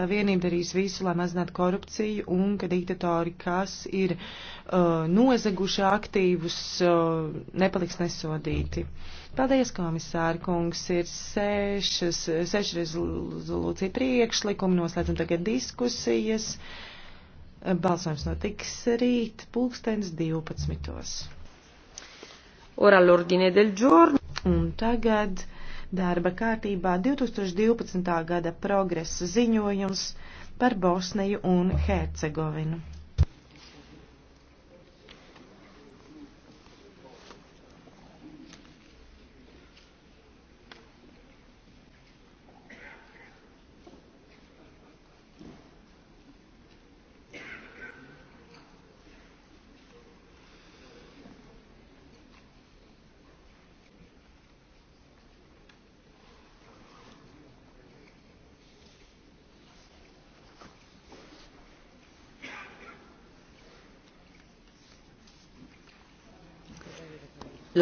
Savienība darīs visu, lai mazinātu korupciju un ka diktatori, kas ir uh, nozaguši aktīvus, uh, nepaliks nesodīti. Paldies, komisāri kungs, ir sešas, seši rezolūcija priekšlikumi, noslēdzam tagad diskusijas. Balsojums notiks rīt, pulkstens 12. Ora l'ordine del giorno. Un tagad darba kārtībā 2012. gada progresa ziņojums par Bosniju un Hercegovinu.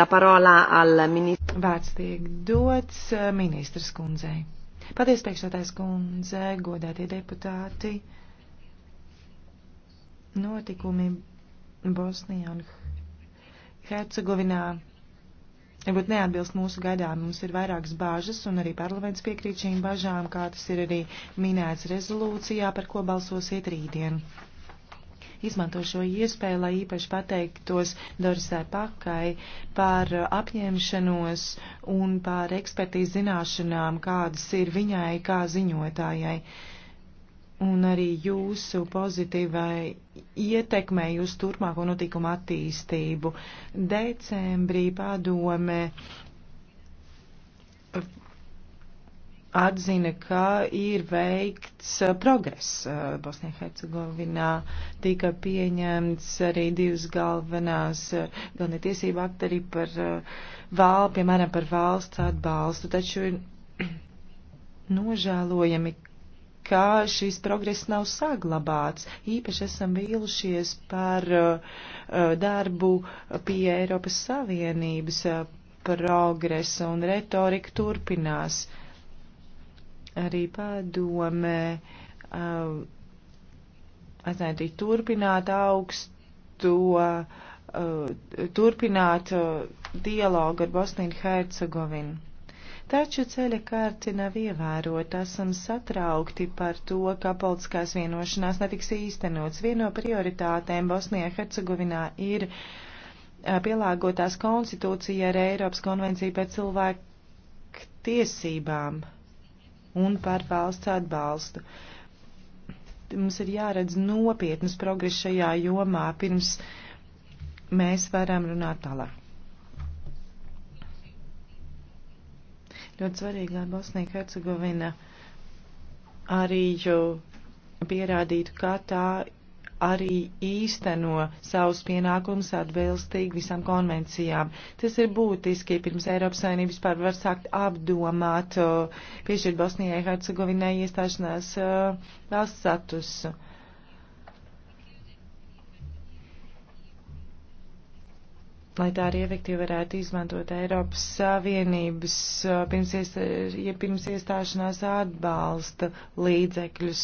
La parola al ministru. Vārds tiek dots eh, ministras kundzei. Paldies, priekšsētājs kundze, godētie deputāti. Notikumi Bosnijā un Hercegovinā varbūt neatbilst mūsu gaidām. Mums ir vairākas bāžas, un arī parlaments piekrīt šīm bažām, kā tas ir arī minēts rezolūcijā, par ko balsosiet rītdien izmanto šo iespēju, lai īpaši pateiktos Dorisai Pakai par apņemšanos un par ekspertīz zināšanām, kādas ir viņai kā ziņotājai un arī jūsu pozitīvai ietekmei uz turpmāko notikumu attīstību. Decembrī padome atzina, ka ir veikts uh, progress. Uh, Bosnijā Hercegovinā tika pieņemts arī divas galvenās, uh, galvenie tiesība akti arī par val, piemēram, par valsts atbalstu, taču ir nožēlojami, ka šis progress nav saglabāts. Īpaši esam vīlušies par darbu pie Eiropas Savienības progresa un retorika turpinās. Uh, arī padomē uh, atzinātīgi turpināt augstu, uh, turpināt uh, dialogu ar Bosniju Hercegovinu. Taču ceļa kārti nav ievērota, esam satraukti par to, ka politiskās vienošanās netiks īstenots. Viena no prioritātēm Bosnijā Hercegovinā ir uh, pielāgotās konstitūcija ar Eiropas konvenciju par cilvēku tiesībām un par valsts atbalstu. Mums ir jāredz nopietnas progresa šajā jomā, pirms mēs varam runāt tālāk. Ļoti svarīgi, lai Bosnija Hercegovina arī pierādītu, ka tā arī īsteno savus pienākumus atbilstīgi visām konvencijām. Tas ir būtiski, pirms Eiropas Savienības vispār var sākt apdomāt, piešķirt Bosnijai Hercegovinai iestāšanās valsts statusu. lai tā arī efektīvi varētu izmantot Eiropas Savienības pirms, iest, ja pirms iestāšanās atbalsta līdzekļus.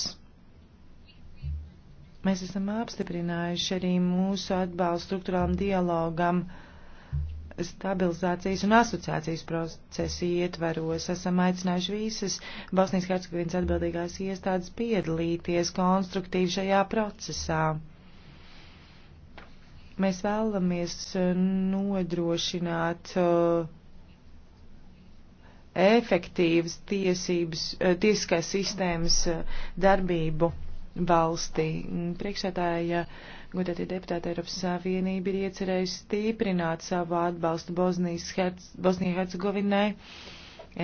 Mēs esam apstiprinājuši arī mūsu atbalstu struktūrām dialogam stabilizācijas un asociācijas procesu ietvaros. Esam aicinājuši visas Bosnijas Hercegovinas atbildīgās iestādes piedalīties konstruktīvi šajā procesā. Mēs vēlamies nodrošināt uh, efektīvas tiesības, uh, tiesiskās sistēmas uh, darbību valstī. Priekšsētāja godētie deputāti Eiropas Savienība ir iecerējusi stiprināt savu atbalstu Bosnijas Herc Hercegovinai.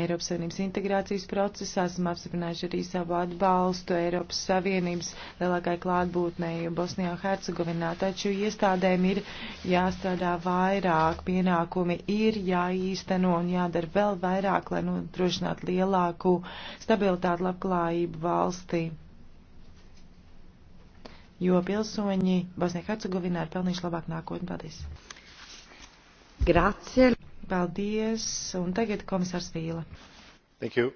Eiropas Savienības integrācijas procesā esam apstiprinājuši arī savu atbalstu Eiropas Savienības lielākai klātbūtnei Bosnijā un Hercegovinā, taču iestādēm ir jāstrādā vairāk, pienākumi ir jāīsteno un jādara vēl vairāk, lai nodrošinātu lielāku stabilitātu labklājību valstī jo pilsoņi Bosnijā Hercegovinā ir pelnījuši labāk nākotni. Paldies! Grazie! Paldies! Un tagad komisārs Vīla. Thank you!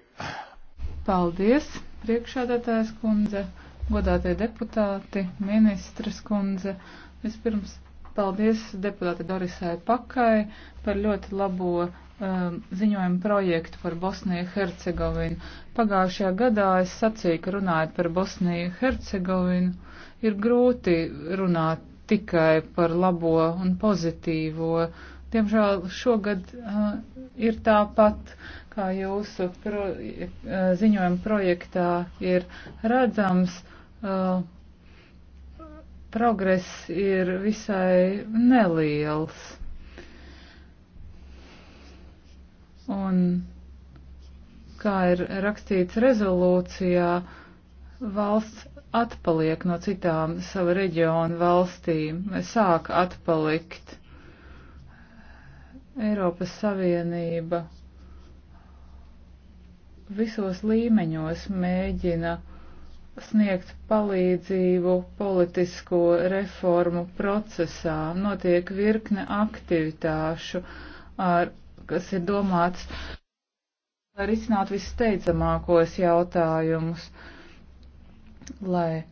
Paldies, priekšādātājs kundze, godātie deputāti, ministras kundze. Vispirms paldies deputāte Dorisai Pakai par ļoti labo um, ziņojumu projektu par Bosniju Hercegovinu. Pagājušajā gadā es sacīju, ka runājot par Bosniju Hercegovinu Ir grūti runāt tikai par labo un pozitīvo. Diemžēl šogad uh, ir tāpat, kā jūsu pro, uh, ziņojuma projektā ir redzams, uh, progress ir visai neliels. Un kā ir rakstīts rezolūcijā, valsts atpaliek no citām sava reģiona valstīm, sāk atpalikt. Eiropas Savienība visos līmeņos mēģina sniegt palīdzību politisko reformu procesā. Notiek virkne aktivitāšu, ar, kas ir domāts, lai risinātu vissteidzamākos jautājumus. Uh, lai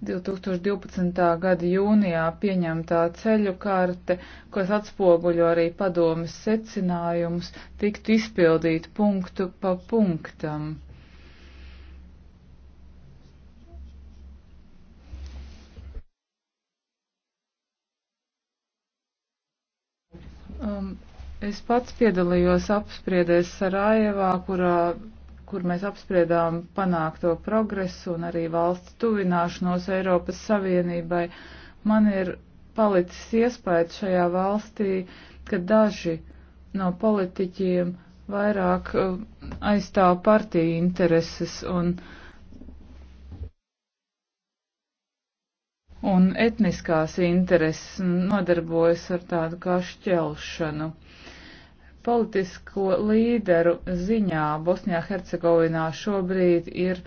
2012. gada jūnijā pieņemtā ceļu karte, kas atspoguļo arī padomas secinājumus, tiktu izpildīt punktu pa punktam. Um, es pats piedalījos apspriedēs Sarajevā, kurā kur mēs apspriedām panākto progresu un arī valsts tuvināšanos Eiropas Savienībai, man ir palicis iespējas šajā valstī, ka daži no politiķiem vairāk eh, aizstāv partiju intereses un, un etniskās intereses un nodarbojas ar tādu kā šķelšanu. Politisko līderu ziņā Bosnijā Hercegovinā šobrīd ir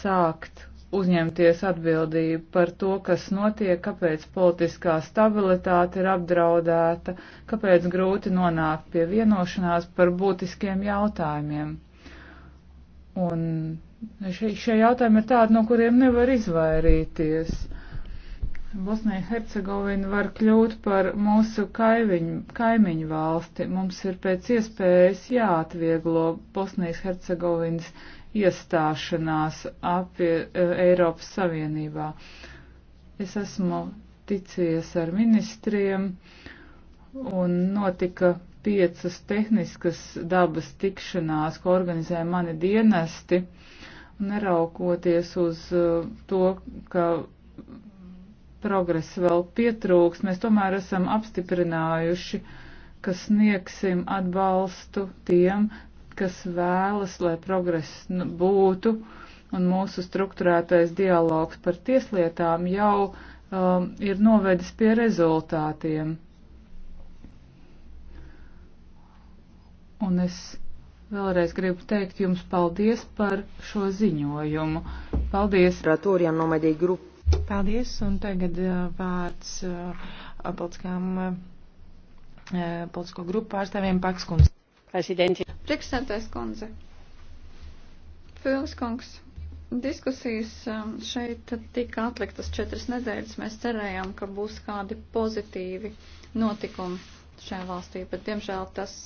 sākt uzņemties atbildību par to, kas notiek, kāpēc politiskā stabilitāte ir apdraudēta, kāpēc grūti nonākt pie vienošanās par būtiskiem jautājumiem. Un šie, šie jautājumi ir tādi, no kuriem nevar izvairīties. Bosnija Hercegovina var kļūt par mūsu kaiviņu, kaimiņu valsti. Mums ir pēc iespējas jāatvieglo Bosnijas Hercegovinas iestāšanās apie uh, Eiropas Savienībā. Es esmu ticies ar ministriem un notika piecas tehniskas dabas tikšanās, ko organizēja mani dienesti, neraukoties uz uh, to, ka progresa vēl pietrūks, mēs tomēr esam apstiprinājuši, ka sniegsim atbalstu tiem, kas vēlas, lai progress nu, būtu, un mūsu struktūrētais dialogs par tieslietām jau um, ir novedis pie rezultātiem. Un es vēlreiz gribu teikt jums paldies par šo ziņojumu. Paldies! Ratūriem nomadīja grupu. Paldies, un tagad uh, vārds uh, politiskām, uh, politisko grupu pārstāvjiem Pakskundze. Priekšsētājs kundze. Fils kungs. Diskusijas um, šeit tika atliktas četras nedēļas. Mēs cerējām, ka būs kādi pozitīvi notikumi šajā valstī, bet diemžēl tas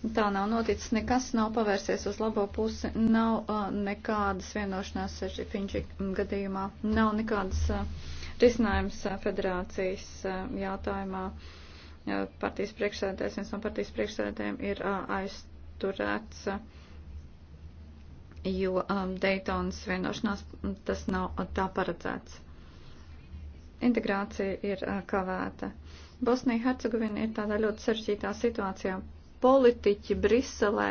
Nu, tā nav noticis, nekas nav pavērsies uz labo pusi, nav uh, nekādas vienošanās Finči gadījumā, nav nekādas uh, risinājums uh, federācijas uh, jautājumā. Uh, partijas priekšsēdētājs, viens no partijas priekšsēdētājiem ir uh, aizturēts, uh, jo um, Daytonas vienošanās tas nav uh, tā paredzēts. Integrācija ir uh, kavēta. Bosnija-Hercegovina ir tādā ļoti sarežģītā situācijā politiķi Briselē,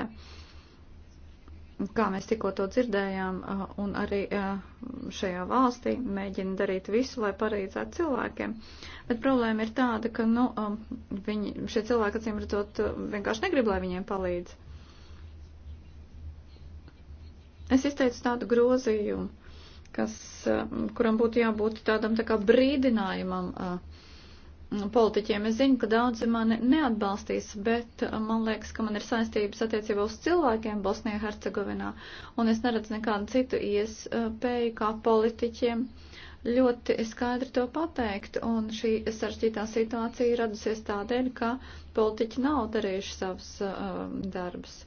kā mēs tikko to dzirdējām, uh, un arī uh, šajā valstī mēģina darīt visu, lai palīdzētu cilvēkiem. Bet problēma ir tāda, ka nu, um, viņi, šie cilvēki, acīm redzot, uh, vienkārši negrib, lai viņiem palīdz. Es izteicu tādu grozījumu, kas, kuram būtu jābūt tādam tā kā brīdinājumam. Uh, politiķiem. Es zinu, ka daudzi mani neatbalstīs, bet uh, man liekas, ka man ir saistības attiecībā uz cilvēkiem Bosnijā, Hercegovinā, un es neredzu nekādu citu iespēju kā politiķiem ļoti skaidri to pateikt, un šī sarežģītā situācija radusies tādēļ, ka politiķi nav darījuši savus uh, darbus.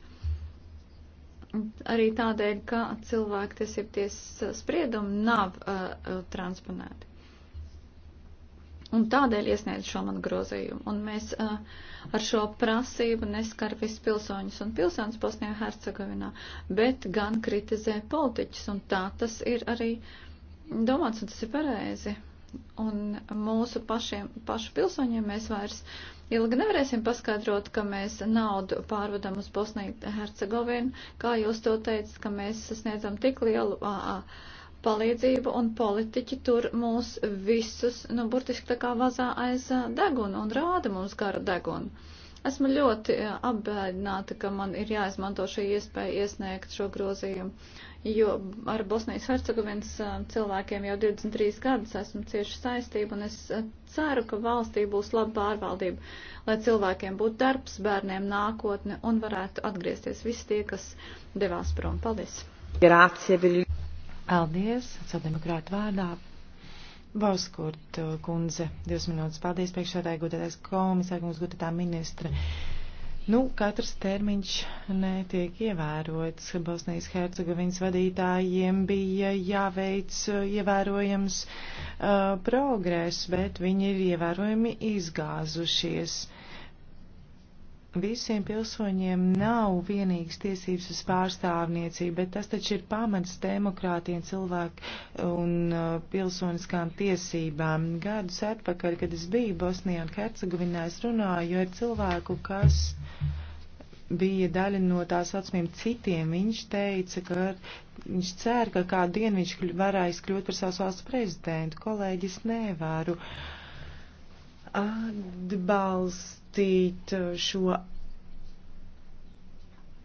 Arī tādēļ, ka cilvēktiesību tiesas spriedumi nav uh, transponēti. Un tādēļ iesniedz šo manu grozījumu. Un mēs uh, ar šo prasību neskar visus pilsoņus un pilsoņus Bosnijā Hercegovinā, bet gan kritizē politiķus. Un tā tas ir arī domāts, un tas ir pareizi. Un mūsu pašiem, pašu pilsoņiem mēs vairs ilgi nevarēsim paskaidrot, ka mēs naudu pārvedam uz Bosniju Hercegovinu, kā jūs to teicat, ka mēs sasniedzam tik lielu. Uh, uh, palīdzību, un politiķi tur mūs visus, nu, burtiski tā kā vazā aiz degunu un rāda mums gara degunu. Esmu ļoti apbēdināta, ka man ir jāizmanto šī iespēja iesniegt šo grozījumu, jo ar Bosnijas Hercegovinas cilvēkiem jau 23 gadus esmu cieši saistība, un es ceru, ka valstī būs laba pārvaldība, lai cilvēkiem būtu darbs, bērniem nākotne un varētu atgriezties visi tie, kas devās prom. Paldies! Grācie, Paldies, sociāldemokrāta vārdā. Boskurt uh, kundze, divas minūtes. Paldies, priekšsēdāji, gudētais komisāri, mums gudētā ministra. Nu, katrs termiņš netiek ievērots. Bosnijas Hercegovinas vadītājiem bija jāveic uh, ievērojams uh, progress, bet viņi ir ievērojami izgāzušies. Uh, visiem pilsoņiem nav vienīgas tiesības uz pārstāvniecību, bet tas taču ir pamats demokrātiem cilvēku un uh, pilsoniskām tiesībām. Gadus atpakaļ, kad es biju Bosnijā un Hercegovinā, es runāju ar cilvēku, kas bija daļa no tā saucamiem citiem. Viņš teica, ka viņš cer, ka kādu dienu viņš varēs kļūt par savas valsts prezidentu. Kolēģis nevaru atbalst atbalstīt uh, šo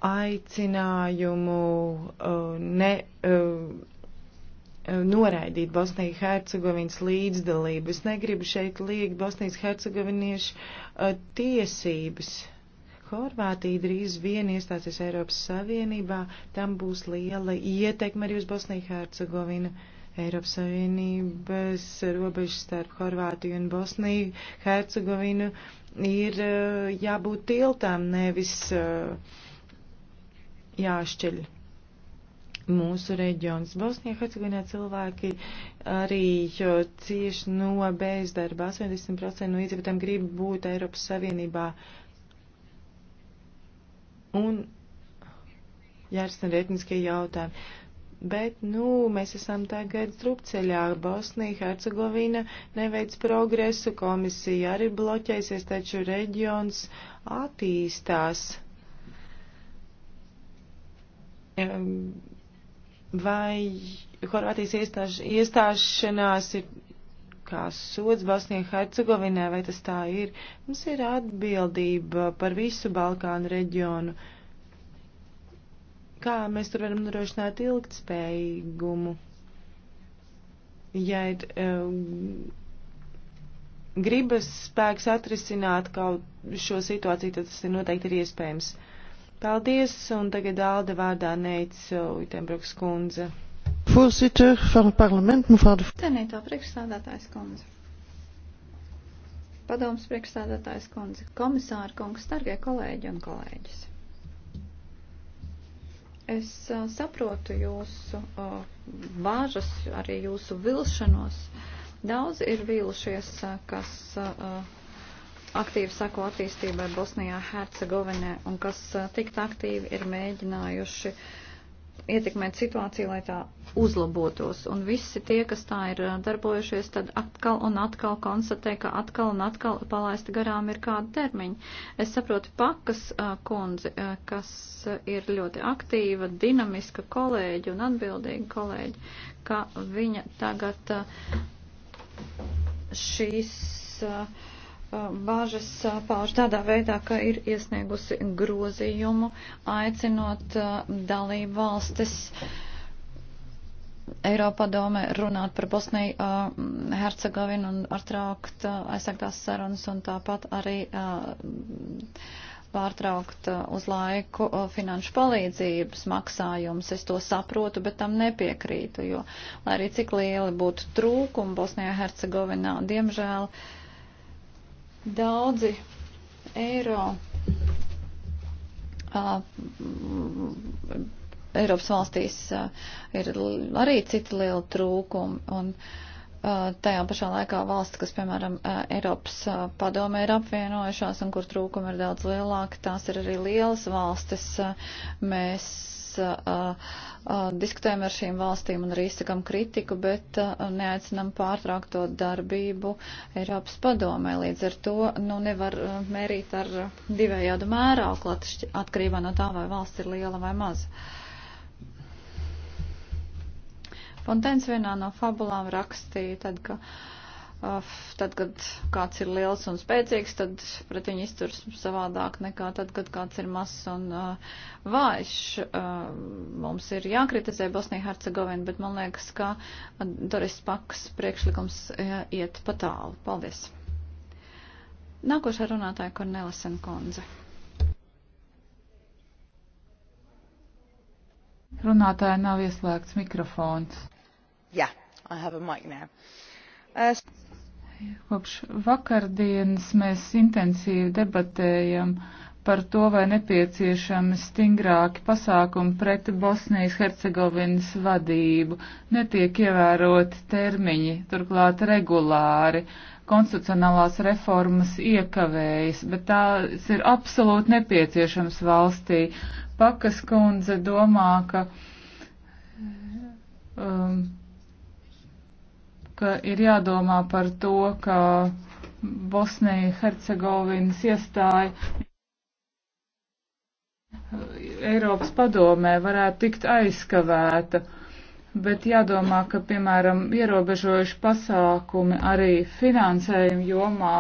aicinājumu uh, ne, uh, noraidīt Bosnijas Hercegovinas līdzdalību. Es negribu šeit liekt Bosnijas Hercegoviniešu tiesības. Horvātija drīz vien iestāsies Eiropas Savienībā, tam būs liela ietekme arī uz Bosniju Hercegovinu. Uh, Eiropas Savienības robežas starp Horvātiju un Bosniju, Hercegovinu ir eh, jābūt tiltām, nevis eh, jāšķeļ mūsu reģions. Bosnijā, Hercegovinā cilvēki arī cieši no bezdarba. 80% no iedzīvotājiem grib būt Eiropas Savienībā. Un jārisina etniskie jautājumi. Bet, nu, mēs esam tagad strupceļā. Bosnija, Hercegovina neveic progresu, komisija arī bloķēsies, taču reģions attīstās. Vai Horvātijas iestāš, iestāšanās ir kā sods Bosnijai Hercegovinai, vai tas tā ir? Mums ir atbildība par visu Balkānu reģionu. Uh, kā mēs tur varam nodrošināt ilgtspējīgumu. Ja ir um, gribas spēks atrisināt kaut šo situāciju, tad tas ir noteikti ir iespējams. Paldies, un tagad Alde vārdā neica eh, Uitembruks kundze. Voorzitter van het parlement, mevrouw de. Tenētā priekšstādātājs kundze. Padoms priekšstādātājs kundze. Komisāra kungs, stargie kolēģi un kolēģis. Es saprotu jūsu vāžas, arī jūsu vilšanos. Daudz ir vīlušies, kas aktīvi sako attīstībai Bosnijā, Hercegovinē un kas tikt aktīvi ir mēģinājuši uh, ietekmēt situāciju, lai tā uzlabotos. Un visi tie, kas tā ir darbojušies, tad atkal un atkal konstatē, ka atkal un atkal palaisti garām ir kāda termiņa. Es saprotu pakas kundzi, kas ir ļoti aktīva, dinamiska kolēģi un atbildīga kolēģi, ka viņa tagad šīs. Uh, bāžas pauž tādā veidā, ka ir iesniegusi grozījumu, aicinot uh, dalību valstis Eiropadomē runāt par Bosniju, uh, Hercegovinu un atraukt uh, aizsāktās sarunas un tāpat arī pārtraukt uz laiku finanšu palīdzības maksājumus. Es to saprotu, bet tam nepiekrītu, jo, lai arī cik lieli būtu trūkumi Bosnijā, Hercegovinā, diemžēl. Uh, Daudzi eiro uh, Eiropas valstīs uh, ir arī citi lieli trūkumi. Un, uh, Tajā pašā laikā valsts, kas, piemēram, uh, Eiropas padomē ir apvienojušās un kur trūkumi ir daudz lielāki, tās ir arī lielas valstis. Mēs uh, uh, diskutējam ar šīm valstīm un arī izsakam kritiku, bet uh, neaicinam pārtraukt to darbību Eiropas padomē. Līdz ar to nu, nevar uh, mērīt ar divējādu mērāuklu atkarībā no tā, vai valsts ir liela vai maza. Fontēns vienā no fabulām rakstīja, tad, ka uh, tad, kad kāds ir liels un spēcīgs, tad pret viņu izturs savādāk nekā tad, kad kāds ir mazs un uh, vājš. Uh, mums ir jākritizē Bosnija Hercegovina, bet man liekas, ka Doris Paks priekšlikums uh, iet pa tālu. Paldies. Nākošā runātāja Kornelisen Konze. Runātāja nav ieslēgts mikrofons. Jā, yeah, I have a mic now. Uh, Kopš vakardienas mēs intensīvi debatējam par to, vai nepieciešami stingrāki pasākumi pret Bosnijas Hercegovinas vadību. Netiek ievēroti termiņi, turklāt regulāri. Konstitucionālās reformas iekavējas, bet tās ir absolūti nepieciešams valstī. Pakas kundze domā, ka um, ka ir jādomā par to, ka Bosnija Hercegovinas iestāja Eiropas padomē varētu tikt aizskavēta, bet jādomā, ka, piemēram, ierobežojuši pasākumi arī finansējumu jomā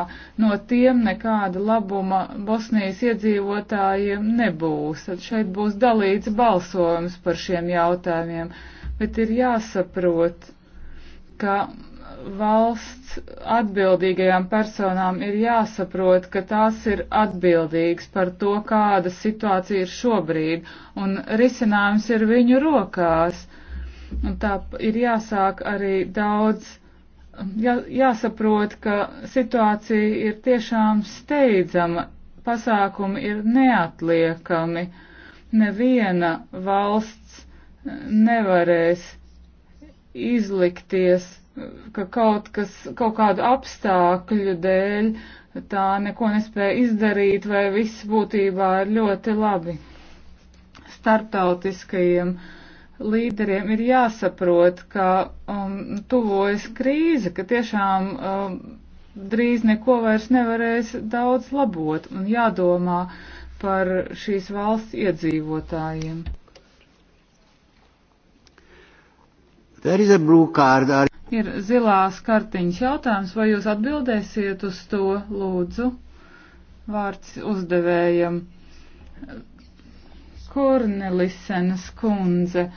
no tiem nekāda labuma Bosnijas iedzīvotājiem nebūs. Tad šeit būs dalīts balsojums par šiem jautājumiem, bet ir jāsaprot, ka valsts atbildīgajām personām ir jāsaprot, ka tās ir atbildīgas par to, kāda situācija ir šobrīd, un risinājums ir viņu rokās. Un tā ir jāsāk arī daudz, jā, jāsaprot, ka situācija ir tiešām steidzama, pasākumi ir neatliekami, neviena valsts nevarēs izlikties ka kaut kas, kaut kādu apstākļu dēļ tā neko nespēja izdarīt, vai viss būtībā ir ļoti labi. Startautiskajiem līderiem ir jāsaprot, ka um, tuvojas krīze, ka tiešām um, drīz neko vairs nevarēs daudz labot un jādomā par šīs valsts iedzīvotājiem. There is a blue card. Are... Ir zilās kartiņas jautājums, vai jūs atbildēsiet uz to, lūdzu, vārds uzdevējam. Kornelisenas kundze,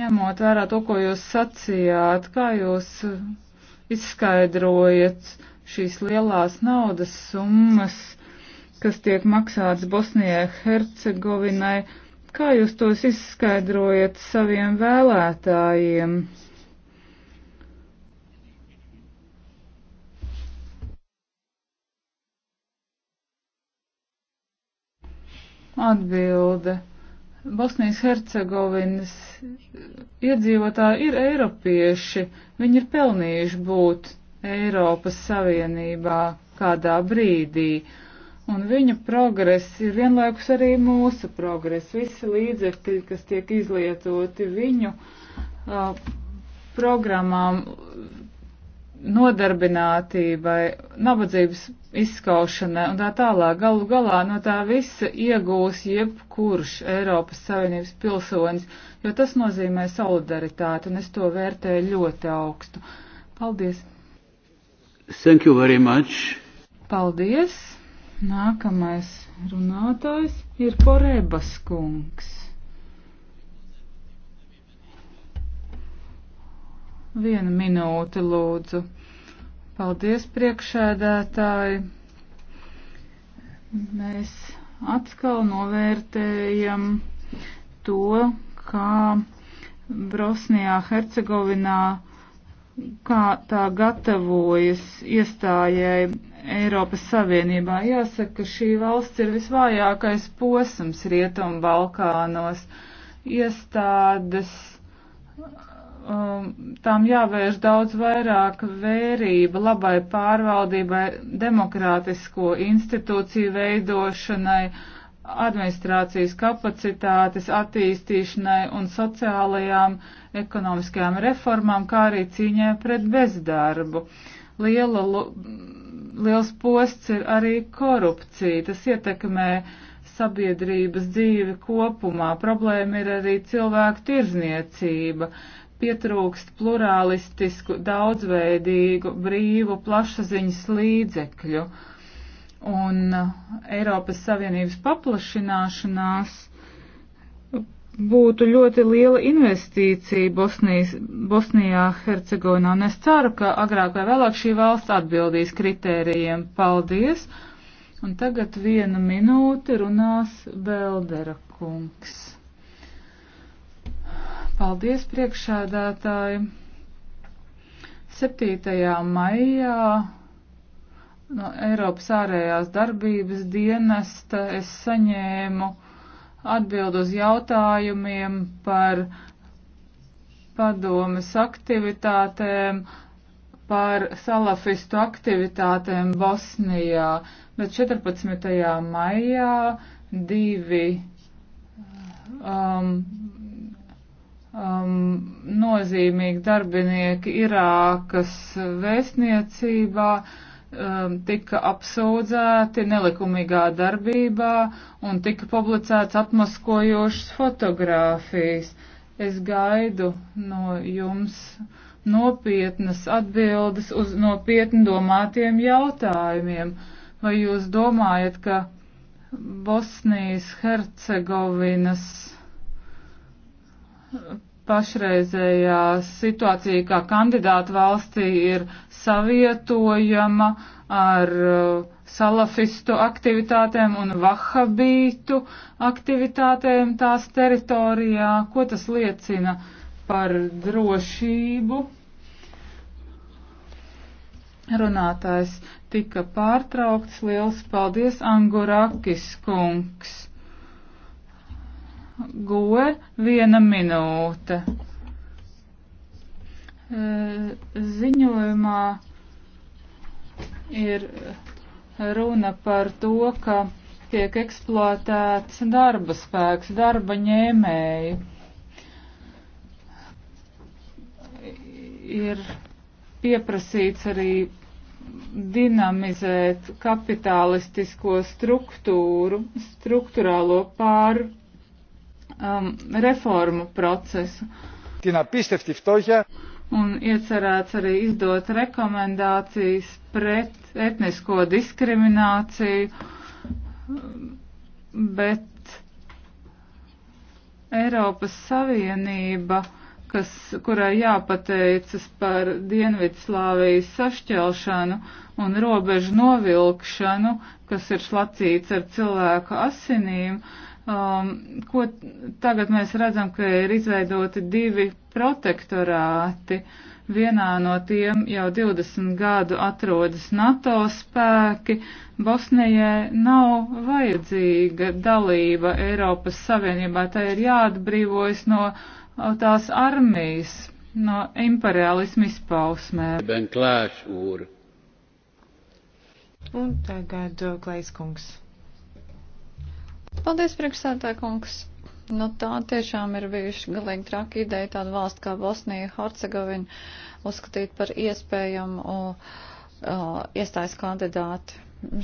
ņemot vērā to, ko jūs sacījāt, kā jūs izskaidrojat šīs lielās naudas summas, kas tiek maksāts Bosnijai Hercegovinai, kā jūs tos izskaidrojat saviem vēlētājiem? Atbilde. Bosnijas Hercegovinas iedzīvotāji ir eiropieši, viņi ir pelnījuši būt Eiropas Savienībā kādā brīdī, un viņu progress ir vienlaikus arī mūsu progress. Visi līdzekļi, kas tiek izlietoti viņu uh, programmām, nodarbinātībai, nabadzības izskaušanai un tā tālāk. Galu galā no tā visa iegūs jebkurš Eiropas Savienības pilsonis, jo tas nozīmē solidaritāti un es to vērtēju ļoti augstu. Paldies! Thank you very much! Paldies! Nākamais runātājs ir Korebas kungs. Viena minūte, lūdzu. Paldies, priekšēdētāji. Mēs atkal novērtējam to, kā Brosnijā, Hercegovinā, kā tā gatavojas iestājai Eiropas Savienībā. Jāsaka, ka šī valsts ir visvājākais posms Rietumu Balkānos. Iestādes um, tām jāvērš daudz vairāk vērība labai pārvaldībai, demokrātisko institūciju veidošanai, administrācijas kapacitātes attīstīšanai un sociālajām ekonomiskajām reformām, kā arī cīņai pret bezdarbu. Liela, liels posts ir arī korupcija. Tas ietekmē sabiedrības dzīvi kopumā. Problēma ir arī cilvēku tirzniecība. Uh, pietrūkst plurālistisku, daudzveidīgu, brīvu plašsaziņas līdzekļu. Un uh, Eiropas Savienības paplašināšanās būtu ļoti liela investīcija Bosnijas, Bosnijā, Hercegovinā. Un es ceru, ka agrāk vai vēlāk šī valsts atbildīs kritērijiem. Paldies! Un tagad viena minūte runās Beldera kungs. Paldies, priekšsēdētāji! 7. maijā no Eiropas ārējās darbības dienesta es saņēmu atbild uz jautājumiem par padomas aktivitātēm, par salafistu aktivitātēm Bosnijā, bet 14. maijā divi um, um, nozīmīgi darbinieki Irākas vēstniecībā um, tika apsūdzēti nelikumīgā darbībā un tika publicēts atmaskojošas fotogrāfijas. Es gaidu no jums nopietnas atbildes uz nopietni domātiem jautājumiem. Vai jūs domājat, ka Bosnijas Hercegovinas pašreizējā situācija kā kandidāta valstī ir savietojama ar uh, salafistu aktivitātēm un vahabītu aktivitātēm tās teritorijā, ko tas liecina par drošību. Runātājs tika pārtraukts. Liels paldies, Angurakis kungs! Goe viena minūte. E, ziņojumā ir runa par to, ka tiek eksploatēts darba spēks, darba ņēmēji. Ir pieprasīts arī dinamizēt kapitalistisko struktūru, struktūrālo pārvaldību um, reformu procesu. Un iecerēts arī izdot rekomendācijas pret etnisko diskrimināciju, bet Eiropas Savienība kas, kurai jāpateicas par Dienvidslāvijas sašķelšanu un robežu novilkšanu, kas ir slacīts ar cilvēku asinīm, Um, ko tagad mēs redzam, ka ir izveidoti divi protektorāti. Vienā no tiem jau 20 gadu atrodas NATO spēki. Bosnijai nav vajadzīga dalība Eiropas Savienībā. Tā ir jāatbrīvojas no tās armijas, no imperialismu izpausmē. Un tagad uh, Klaiskungs. Paldies, priekšsētāj kungs. Nu, tā tiešām ir bijuši galīgi traki ideja tādu valstu kā Bosnija, Hercegovina uzskatīt par iespējamu uh, iestājas kandidāti.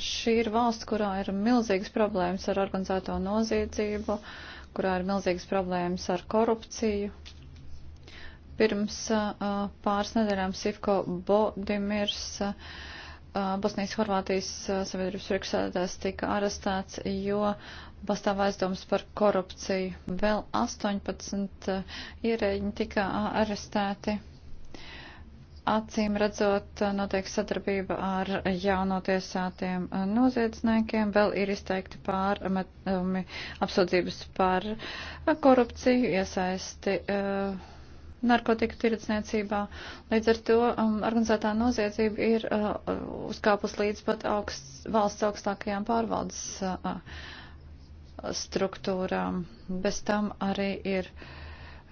Šī ir valsts, kurā ir milzīgas problēmas ar organizēto noziedzību, kurā ir milzīgas problēmas ar korupciju. Pirms uh, pāris nedēļām Sivko Bodimirs. Uh, Bosnijas Horvātijas uh, sabiedrības priekšsēdētājs tika arestēts, jo pastāv aizdomas par korupciju. Vēl 18 eh, ierēģi tika arestēti. Acīm redzot, eh, notiek sadarbība ar jaunotiesātiem eh, noziedzniekiem. Vēl ir izteikti pārmetumi apsūdzības par korupciju, iesaisti narkotiku tirdzniecībā. Līdz ar to um, organizētā noziedzība ir uh, uzkāpus līdz pat augsts, valsts augstākajām pārvaldes. Uh, struktūrām. Bez tam arī ir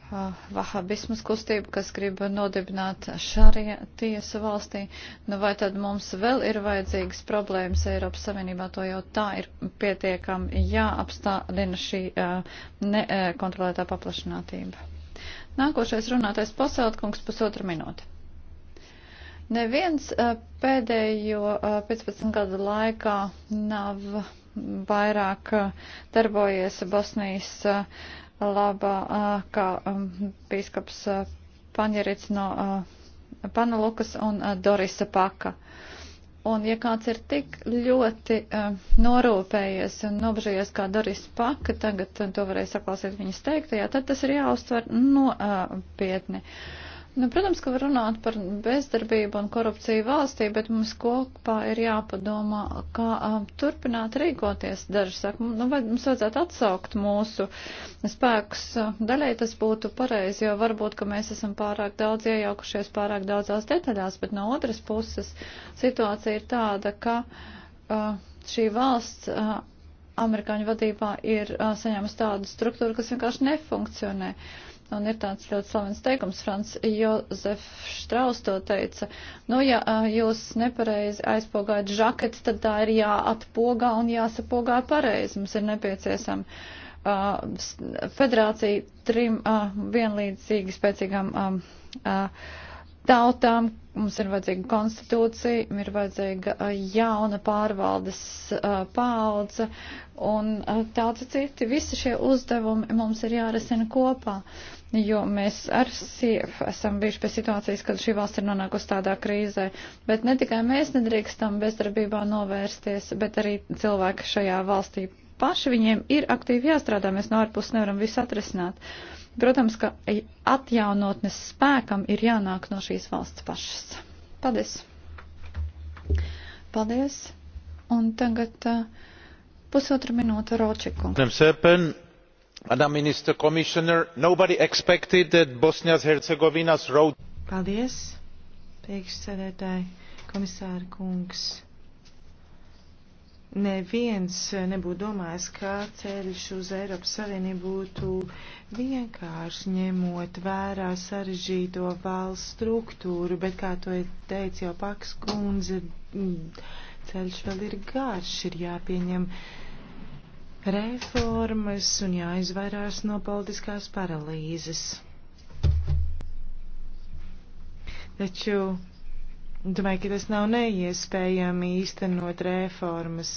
vahabismas kustība, kas grib nodibināt šārie tiesu valstī. Nu, vai tad mums vēl ir vajadzīgas problēmas Eiropas Savienībā? To jau tā ir pietiekami jāapstādina šī nekontrolētā paplašinātība. Nākošais runātais pasautkungs pusotra minūte. Neviens pēdējo 15 gadu laikā nav vairāk darbojies Bosnijas labā, kā bīskaps Paņerits no Panalukas un Dorisa Paka. Un ja kāds ir tik ļoti norūpējies un nobrījies kā Doris Paka, tagad to varēja saklausīt viņas teiktajā, tad tas ir jāuztver nopietni. Uh, Nu, protams, ka var runāt par bezdarbību un korupciju valstī, bet mums kopā ir jāpadomā, kā um, turpināt rīkoties. Daži saka, nu, vai mums vajadzētu atsaukt mūsu spēkus. Daļai tas būtu pareizi, jo varbūt, ka mēs esam pārāk daudz iejaukušies pārāk daudzās detaļās, bet no otras puses situācija ir tāda, ka uh, šī valsts. Uh, Amerikāņu vadībā ir uh, saņēmusi tādu struktūru, kas vienkārši nefunkcionē. Uh, Un ir tāds ļoti slavens teikums, Frans Jozef Štraus to teica, nu ja jūs nepareizi aizpogājat žaketi, tad tā ir jāatpogā un jāsapogā pareizi. Mums ir nepieciešama uh, federācija trim uh, vienlīdzīgi spēcīgām uh, uh, tautām. Mums ir vajadzīga konstitūcija, ir vajadzīga uh, jauna pārvaldes uh, paudze un uh, daudz citi. Visi šie uzdevumi mums ir jārisina kopā. Uh, jo mēs ar SIEF esam bijuši pie situācijas, kad šī valsts ir nonākusi tādā krīzē. Bet ne tikai mēs nedrīkstam bezdarbībā novērsties, bet arī cilvēki šajā valstī paši viņiem ir aktīvi jāstrādā, mēs no ārpus nevaram visu atrisināt. Protams, ka atjaunotnes spēkam ir jānāk no šīs valsts pašas. Paldies! Paldies! Un tagad uh, pusotra minūte Ročikungs. Madam Minister, Commissioner, nobody expected that Bosnia Herzegovina's road. Paldies, priekšsēdētāji, komisāra kungs. Neviens eh, nebūtu domājis, kā ceļš uz Eiropas Savienību būtu vienkārši ņemot vērā sarežģīto valsts struktūru, bet, kā to teica jau Paks kundze, mm, ceļš vēl ir garš, ir jāpieņem uh, reformas un jāizvairās no politiskās paralīzes. Taču domāju, ka tas nav neiespējami īstenot reformas.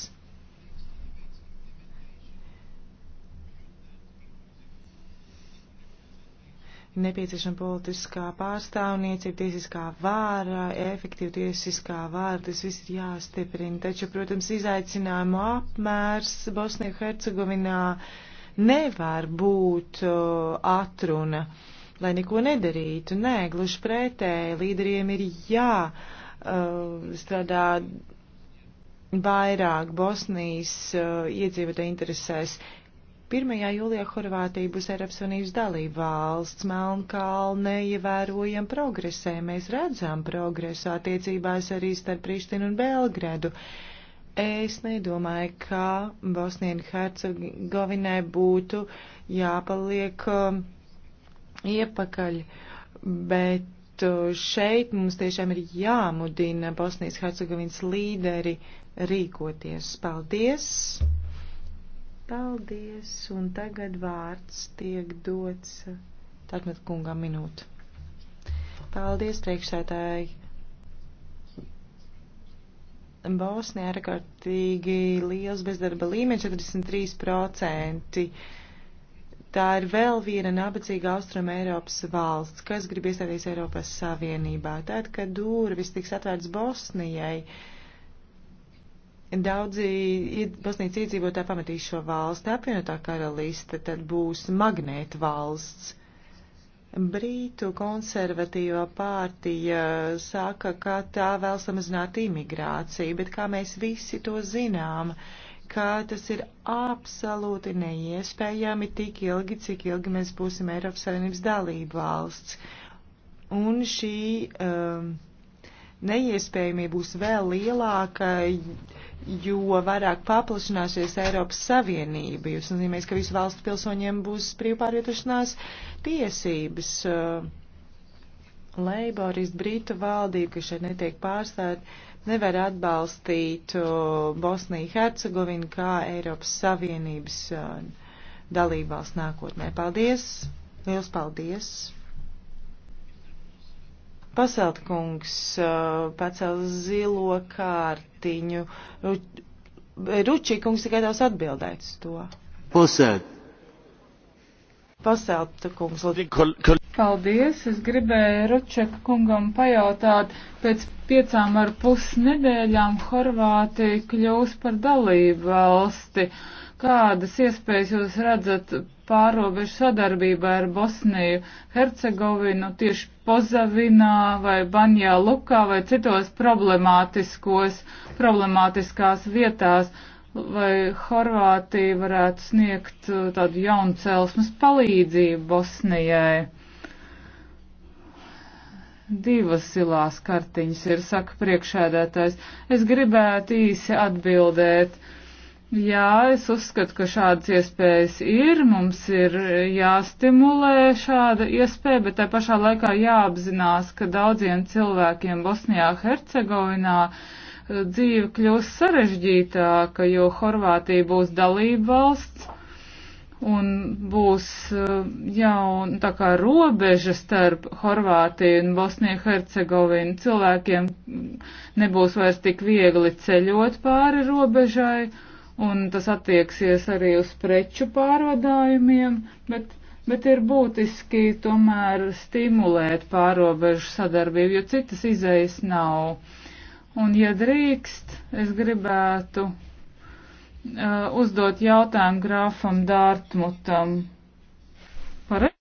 nepieciešama politiskā pārstāvniecība, tiesiskā vāra, efektīva tiesiskā vāra, tas viss ir jāstiprina. Taču, protams, izaicinājumu apmērs Bosnijā Hercegovinā nevar būt atruna, lai neko nedarītu. Nē, gluži pretēji, līderiem ir jā strādā vairāk Bosnijas iedzīvotāju interesēs 1. jūlijā Horvātija būs Eiropas Unības dalība valsts, Melnkalne ievērojam progresē, mēs redzam progresu attiecībās arī starp Prištinu un Belgradu. Es nedomāju, ka Bosnijai un Hercegovinai būtu jāpaliek um, iepakaļ, bet uh, šeit mums tiešām ir jāmudina Bosnijas Hercegovinas līderi rīkoties. Paldies! Paldies, un tagad vārds tiek dots Tarmet kungam minūte. Paldies, priekšsētāji! Bosnijā ir ārkārtīgi liels bezdarba līmenis - 43%. Tā ir vēl viena nabadzīga austruma Eiropas valsts, kas grib iestāties Eiropas Savienībā. Tad, kad durvis tiks atvērts Bosnijai, uh, Daudzi Bosnijas iedzīvotāji pametīs šo valsti, apvienotā karaliste tad būs magnēta valsts. Brītu konservatīvā pārtija saka, ka tā vēl samazināt imigrāciju, bet kā mēs visi to zinām, ka tas ir absolūti neiespējami tik ilgi, cik ilgi mēs būsim Eiropas Savienības dalība valsts. Un šī um, neiespējamība būs vēl lielāka, jo vairāk paplašināsies Eiropas Savienība. Jūs nozīmēs, ka visu valstu pilsoņiem būs brīvpārvietošanās tiesības. Leiborist Brītu valdība, kas šeit netiek pārstāvēt, nevar atbalstīt Bosniju Hercegovinu kā Eiropas Savienības dalībvalsts nākotnē. Paldies! Liels paldies! Paseltkungs pacēl zilo kārtu kartiņu. Ručīkungs tikai tās atbildēt uz to. Pusēt. Paselta kungs. Paldies, es gribēju Ručeka kungam pajautāt, pēc piecām ar pus nedēļām Horvātija kļūs par dalību valsti. Uh, Kādas iespējas jūs redzat pārobežu sadarbībā ar Bosniju, Hercegovinu, tieši Pozavinā vai Banjā Lukā vai citos problemātiskos, problemātiskās vietās, vai Horvātija varētu sniegt uh, tādu jauncelsmas palīdzību Bosnijai? Divas silās kartiņas ir, saka priekšēdētājs. Es gribētu īsi atbildēt Jā, es uzskatu, ka šādas iespējas ir, mums ir jāstimulē šāda iespēja, bet tai pašā laikā jāapzinās, ka daudziem cilvēkiem Bosnijā, Hercegovinā eh, dzīve kļūs sarežģītāka, jo Horvātija būs dalība valsts un būs eh, jaun tā kā robeža starp Horvātiju un Bosniju Hercegovinu. Cilvēkiem nebūs vairs tik viegli ceļot pāri robežai un tas attieksies arī uz preču pārvadājumiem, bet, bet ir būtiski tomēr stimulēt pārobežu sadarbību, jo citas izejas nav. Un, ja drīkst, es gribētu uh, uzdot jautājumu grāfam Dārtmutam. Par...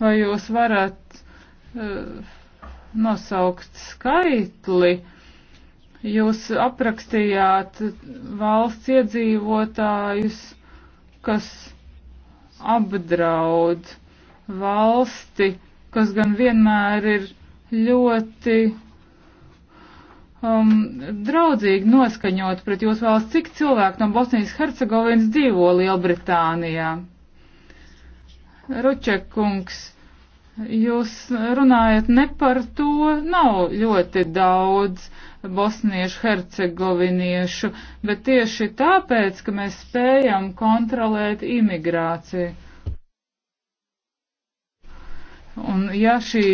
Vai jūs varat uh, nosaukt skaitli? Uh, Jūs aprakstījāt valsts iedzīvotājus, kas apdraud valsti, kas gan vienmēr ir ļoti um, draudzīgi noskaņot pret jūsu valsts, cik cilvēku no Bosnijas Hercegovinas dzīvo Lielbritānijā. Ručekungs Jūs runājat ne par to, nav ļoti daudz bosniešu, hercegoviniešu, bet tieši tāpēc, ka mēs spējam kontrolēt imigrāciju. Un ja šī,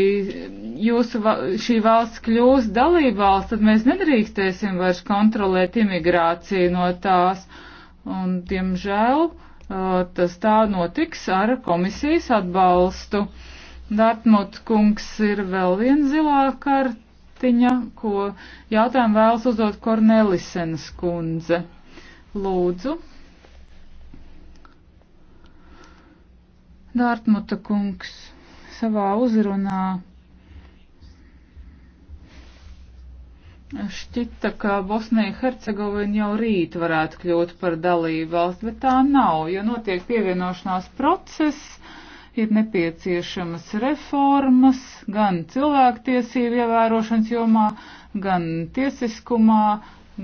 jūsu, šī valsts kļūs dalībvalsts, tad mēs nedrīkstēsim vairs kontrolēt imigrāciju no tās. Un, diemžēl, uh, tas tā notiks ar komisijas atbalstu. Dartmut kungs ir vēl viena zilā kartiņa, ko jautājumu vēlas uzdot Kornelisenas kundze. Lūdzu. Dārtmuta kungs savā uzrunā Šķita, ka Bosnija Hercegovina jau rīt varētu kļūt par dalību valsts, bet tā nav, jo notiek pievienošanās process ir nepieciešamas reformas gan cilvēktiesību ievērošanas jomā, gan tiesiskumā,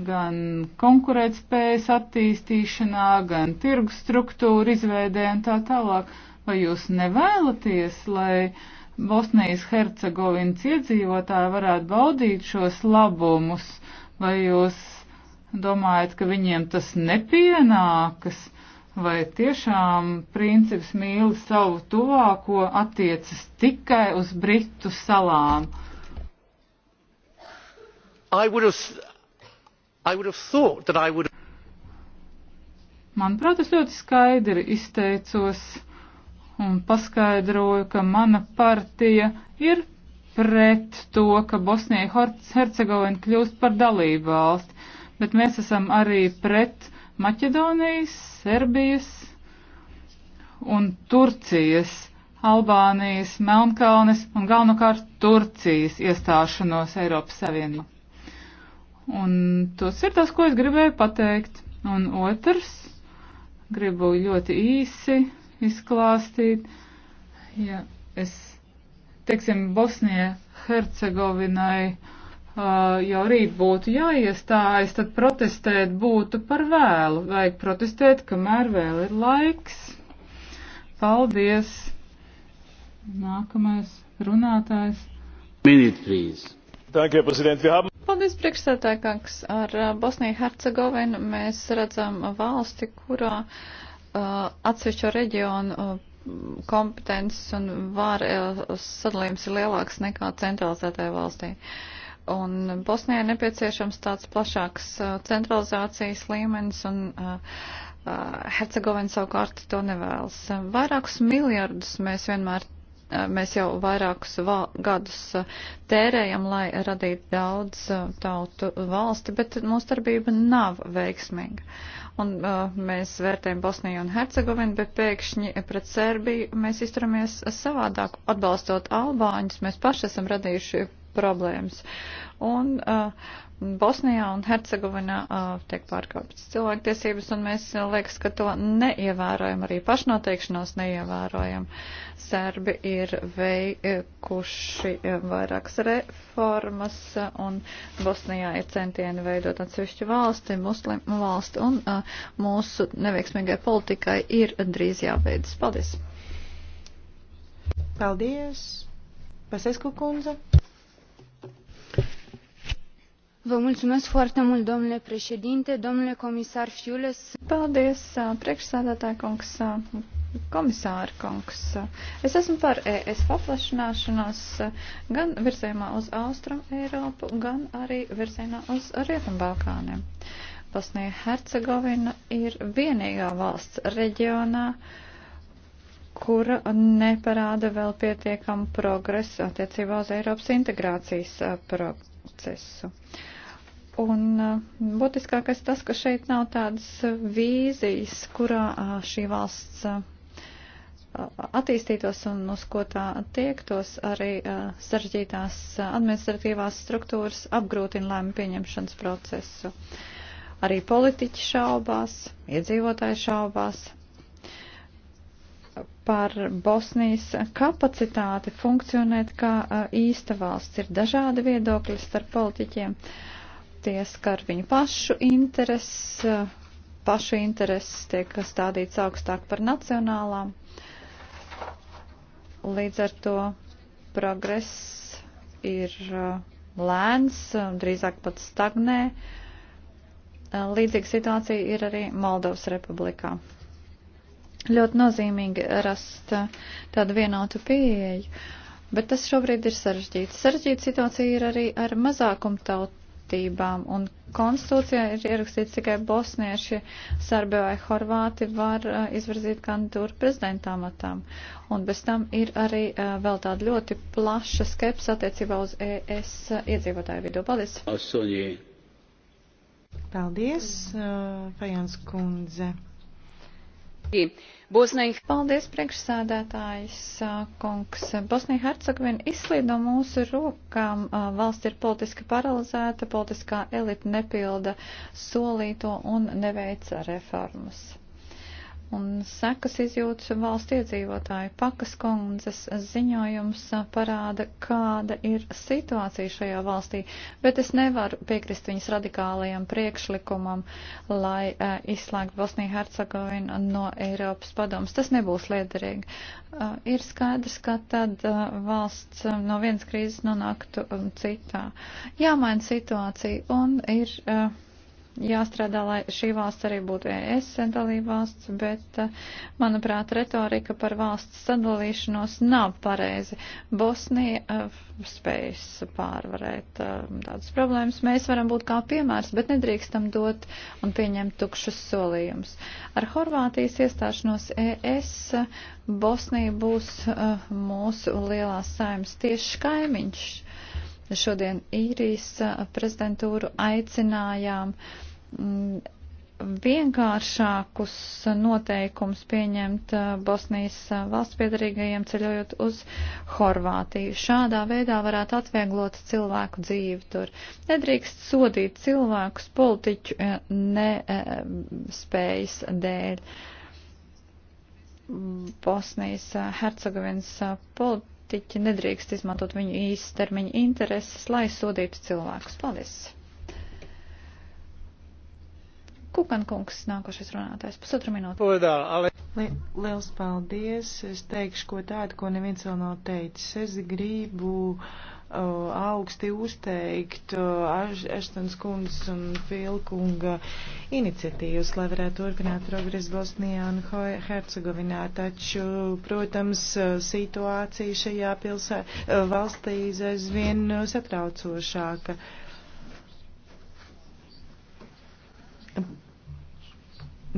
gan konkurētspējas attīstīšanā, gan tirgus struktūra izveidē un tā tālāk. Vai jūs nevēlaties, lai Bosnijas Hercegovinas iedzīvotāji varētu baudīt šos labumus, vai jūs domājat, ka viņiem tas nepienākas? vai tiešām princips mīl savu tuvāko attiecas tikai uz Britu salām? Would... Manuprāt, es ļoti skaidri izteicos un paskaidroju, ka mana partija ir pret to, ka Bosnija Hercegovina kļūst par dalību valsti, bet mēs esam arī pret Maķedonijas, Serbijas un Turcijas, Albānijas, Melnkalnes un galvenokārt Turcijas iestāšanos Eiropas Savienībā. Un tas ir tas, ko es gribēju pateikt. Un otrs, gribu ļoti īsi izklāstīt, ja es, teiksim, Bosnijai, Hercegovinai, uh, jau rīt būtu jāiestājas, tad protestēt būtu par vēlu. Vajag protestēt, kamēr vēl ir laiks. Paldies! Nākamais runātājs. Ministrijas. Danke, Präsident. Wir haben Paldies, priekšsētājkungs. Ar uh, Bosniju Hercegovinu mēs redzam valsti, kurā uh, atsevišķo reģionu uh, kompetences un vāra uh, sadalījums ir lielāks nekā centralizētajā valstī. Uh, Un Bosnijai nepieciešams tāds plašāks centralizācijas līmenis un Hercegovina savukārt to nevēlas. Vairākus miljardus mēs vienmēr mēs jau vairākus gadus tērējam, lai radītu daudz tautu valsti, bet mūsu darbība nav veiksmīga. Un uh, mēs vērtējam Bosniju un Hercegovinu, bet pēkšņi pret Serbiju mēs izturamies savādāk. Atbalstot Albāņus, mēs paši esam radījuši problēmas. Un uh, Bosnijā un Hercegovinā uh, tiek pārkāptas cilvēktiesības, un mēs uh, liekas, ka to neievērojam, arī pašnoteikšanos neievērojam. Serbi ir veikuši uh, vairākas reformas, uh, un Bosnijā ir centieni veidot atsevišķu valsti, muslimu valsti, un uh, mūsu neveiksmīgai politikai ir drīz jābeidzas. Paldies! Paldies! Pasesku kundze! Mult, domnule președinte domnule comisar fle paldies priekšsēdētāja kungs komisāra kungs es esmu par es paplašināšanos gan virzienā uz austrum eiropu gan arī virzienā uz rietumbalkāniem bosnija hercegovina ir vienīgā valsts reģionā kurā kura neparāda vēl pietiekam progresu attiecībā uz Eiropas integrācijas procesu. Un būtiskākais tas, ka šeit nav tādas vīzijas, kurā šī valsts attīstītos un uz ko tā tiektos, arī sarežģītās administratīvās struktūras apgrūtina lēmu pieņemšanas procesu. Arī politiķi šaubās, iedzīvotāji šaubās, par Bosnijas kapacitāti funkcionēt kā īsta valsts. Ir dažādi viedokļi starp politiķiem. Tie skar viņu pašu intereses, pašu intereses tiek stādīts augstāk par nacionālām. Līdz ar to progress ir lēns, drīzāk pat stagnē. Līdzīga situācija ir arī Moldovas republikā ļoti nozīmīgi rast uh, tādu vienotu pieeju, bet tas šobrīd ir sarežģīts. Sarežģīta situācija ir arī ar mazākumtautībām, un konstitūcijā ir ierakstīts tikai bosnieši, sarbi vai horvāti var uh, izvirzīt kandidatūru prezidenta amatām. Un bez tam ir arī uh, vēl tāda ļoti plaša skepsa attiecībā uz ES iedzīvotāju vidū. Paldies! Paldies, Fajans kundze! Bosnija. Paldies, priekšsādātājs kungs. Bosnija Hercegovina izslīd no mūsu rokām. Valsts ir politiski paralizēta, politiskā elita nepilda solīto un neveica reformas un sekas izjūtas valsts iedzīvotāji. Pakas kundzes ziņojums parāda, kāda ir situācija šajā valstī, bet es nevaru piekrist viņas radikālajam priekšlikumam, lai uh, izslēgtu Bosniju Hercegovinu no Eiropas padomas. Tas nebūs liederīgi. Uh, ir skaidrs, ka tad uh, valsts um, no vienas krīzes nonāktu um, citā. Jāmaina situācija un ir. Uh, jāstrādā, lai šī valsts arī būtu ES dalība valsts, bet, eh, manuprāt, retorika par valsts sadalīšanos nav pareizi. Bosnija eh, spējas pārvarēt eh, tādas problēmas. Mēs varam būt kā piemērs, bet nedrīkstam dot un pieņemt tukšus solījumus. Ar Horvātijas iestāšanos ES Bosnija būs mūsu lielās saimas tieši kaimiņš šodien īrijas prezidentūru aicinājām uh, Mm, vienkāršākus noteikumus pieņemt uh, Bosnijas uh, valsts piedarīgajiem ceļojot uz Horvātiju. Šādā veidā varētu atvieglot cilvēku dzīvi tur. Nedrīkst sodīt cilvēkus politiķu uh, nespējas dēļ. Bosnijas Hercegovinas politiķi nedrīkst izmantot viņu īstermiņa intereses, lai sodītu cilvēkus. Paldies! Kukan kungs, nākošais runātājs, pusotra minūte. Liels paldies. Es teikšu, ko tādu, ko neviens vēl nav teicis. Es gribu uh, augsti uzteikt uh, Eštons kundas un Filkunga iniciatīvas, lai varētu turpināt progresu Bosnijā un Hercegovinā. Taču, protams, situācija šajā pilsē, uh, valstī aizvien satraucošāka. Uh,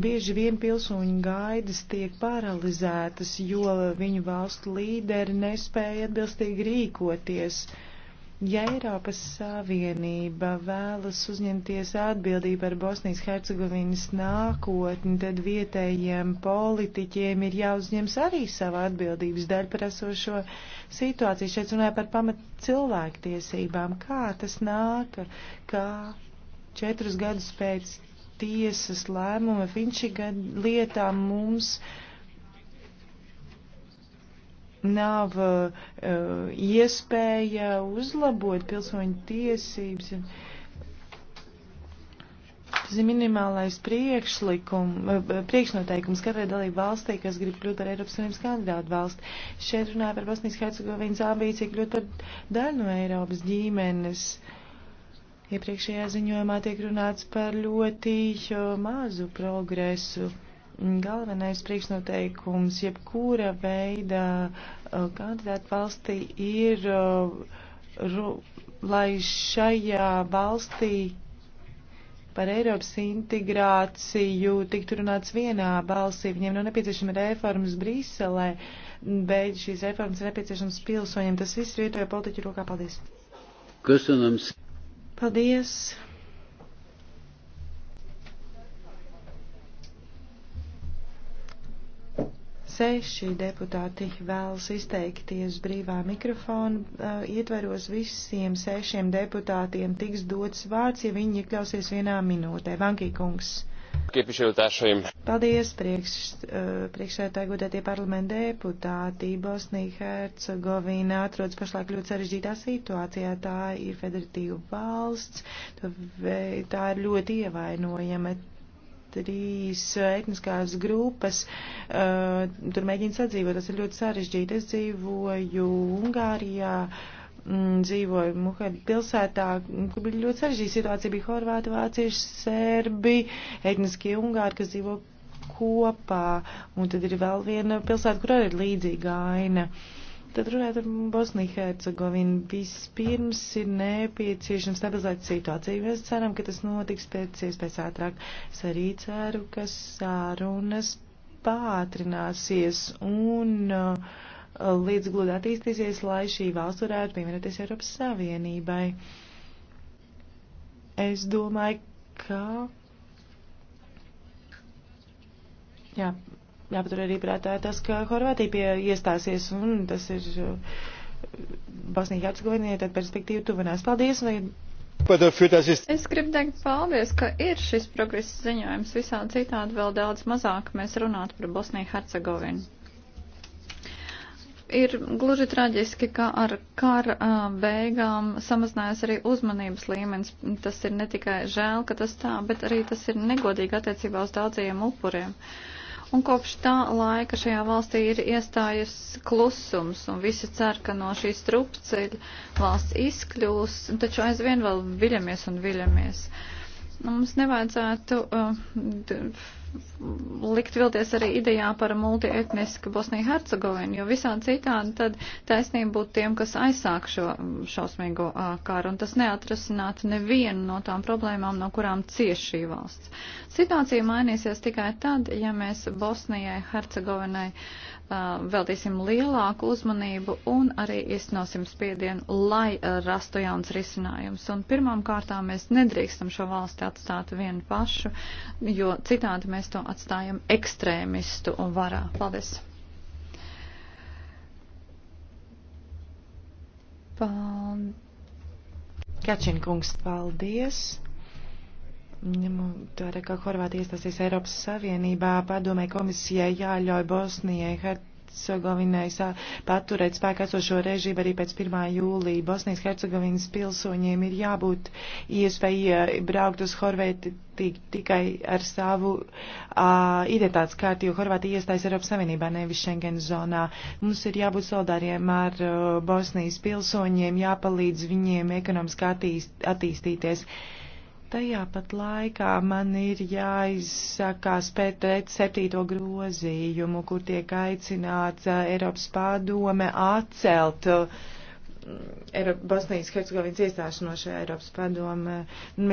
Bieži vien pilsoņu gaidas tiek paralizētas, jo viņu valstu līderi nespēja atbilstīgi rīkoties. Ja Eiropas Savienība vēlas uzņemties atbildību par Bosnijas Hercegovinas nākotni, tad vietējiem politiķiem ir jāuzņems arī sava atbildības daļa par esošo situāciju. Šeit runāja par pamat cilvēktiesībām. Kā tas nāk, kā četrus gadus pēc tiesas lēmuma Finčiga lietā mums nav uh, iespēja uzlabot pilsoņu tiesības. Tas ir minimālais eh, priekšnoteikums katrai dalību valstī, kas grib kļūt par Eiropas Savienības kandidātu valsti. Šeit runāja par Bosnijas Hercegovinas ambīciju kļūt par daļu no Eiropas ģimenes. Uh, Iepriekšējā ziņojumā tiek runāts par ļoti uh, mazu progresu. Galvenais priekšnoteikums jebkura veida uh, kandidāta valstī ir, uh, lai šajā valstī par Eiropas integrāciju tiktu runāts vienā balsī. Viņiem nav nepieciešama reformas Brīselē, bet šīs reformas ir nepieciešamas pilsoņiem. Tas viss ir ietojā politiķu rokā. Paldies! Köszönöm Paldies! Seši deputāti vēlas izteikties brīvā mikrofona. Uh, ietveros visiem sešiem deputātiem tiks dots vārds, ja viņi iekļausies vienā minūtē. Vankī kungs. Képviselőtársaim! Paldies, priekš, eh, priekšētāji godētie parlamenta deputāti. Bosnija-Hercegovina atrodas pašlaik ļoti sarežģītā situācijā. Tā ir federatīva valsts, tā ir ļoti ievainojama trīs etniskās grupas uh, tur mēģina sadzīvot. Tas ir ļoti sarežģīti. Es dzīvoju Ungārijā. Uh, Mm, dzīvoju Muhēda pilsētā, kur bija ļoti sarežģīta situācija, bija horvāti, vācieši, serbi, etniskie ungāri, kas dzīvo kopā, un tad ir vēl viena pilsēta, kur arī ir līdzīga aina. Tad runājot ar Bosniju Hercegovinu, vispirms ir nepieciešams stabilizēt situāciju. Mēs ceram, ka tas notiks pēc iespējas ātrāk. Es arī ceru, ka sārunas pātrināsies un uh, lietas gludi attīstīsies, lai šī valsts varētu pievienoties Eiropas Savienībai. Es domāju, ka. Jā, jāpatur arī prātā tas, ka Horvātija pie iestāsies, un tas ir uh, Bosnija Hercegovina, tad perspektīva tuvinās. Paldies! Vai... Es gribu teikt paldies, ka ir šis progresa ziņojums. Visā citādi vēl daudz mazāk mēs runātu par Bosniju Hercegovinu. Ir gluži traģiski, ka ar kara beigām samazinājās arī uzmanības līmenis. Tas ir ne tikai žēl, ka tas tā, bet arī tas ir negodīgi attiecībā uz daudzajiem upuriem. Un kopš tā laika šajā valstī ir iestājies klusums, un visi cer, ka no šīs trupceļa valsts izkļūs, taču aizvien vēl viļamies un viļamies. Mums nevajadzētu uh, likt vilties arī idejā par multietnisku Bosniju Hercegovinu, jo visādi citādi tad taisnība būtu tiem, kas aizsāk šo šausmīgo uh, karu, un tas neatrasinātu nevienu no tām problēmām, no kurām cieš šī valsts. Situācija mainīsies tikai tad, ja mēs Bosnijai Hercegovinai uh, veltīsim lielāku uzmanību un arī iznosim spiedienu, lai rastu jauns risinājums. Un pirmām kārtām mēs nedrīkstam šo valsti atstāt vienu pašu, jo citādi mēs to atstājam ekstrēmistu varā. Paldies! Paldies! Kačinkungs, paldies! Ņemot vērā, ka Horvātija iestāsies Eiropas Savienībā, padomē komisijai jāļauj Bosnijai, Hercegovinai paturēt spēkā esošo režīmu arī pēc 1. jūlija. Bosnijas Hercegovinas pilsoņiem ir jābūt iespēja braukt uz Horvātiju tikai ar savu uh, identitātes kārtu, jo Horvātija iestājas Eiropas Savienībā, nevis Schengen zonā. Mums ir jābūt solidāriem ar uh, Bosnijas pilsoņiem, jāpalīdz viņiem ekonomiski attīst, attīstīties. Uh, Tajā pat laikā man ir jāizsakās pēc septīto grozījumu, kur tiek aicināts Eiropas padome atcelt Bosnijas Hercegovinas iestāšanos šajā Eiropas padome.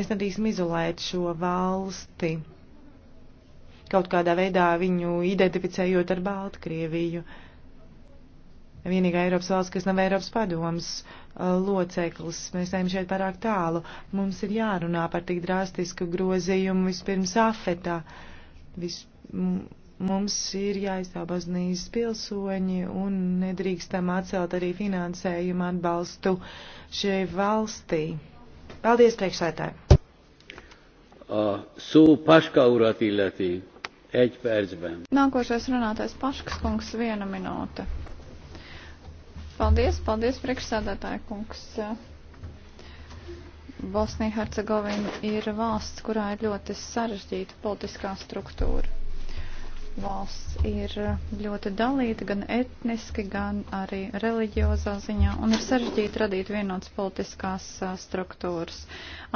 Mēs nedrīkstam izolēt šo valsti kaut kādā veidā viņu identificējot ar Baltkrieviju. Uh, vienīgā Eiropas valsts, kas nav Eiropas padomas uh, loceklis. Mēs ejam šeit pārāk tālu. Mums ir jārunā par tik drastisku grozījumu vispirms afetā. Vis, mums ir jāizstāv baznīcas pilsoņi un nedrīkstam atcelt arī finansējumu atbalstu šai valstī. Paldies priekšsētāji! A uh, szó Paska urat illeti egy percben. Nākošais runātais Paskas kungs viena minūte. Paldies, paldies, priekšsādātāja kungs. Bosnija-Hercegovina ir valsts, kurā ir ļoti sarežģīta politiskā struktūra valsts ir eh, ļoti dalīta gan etniski, gan arī reliģiozā ziņā, un ir sarežģīti radīt vienotas politiskās eh, struktūras.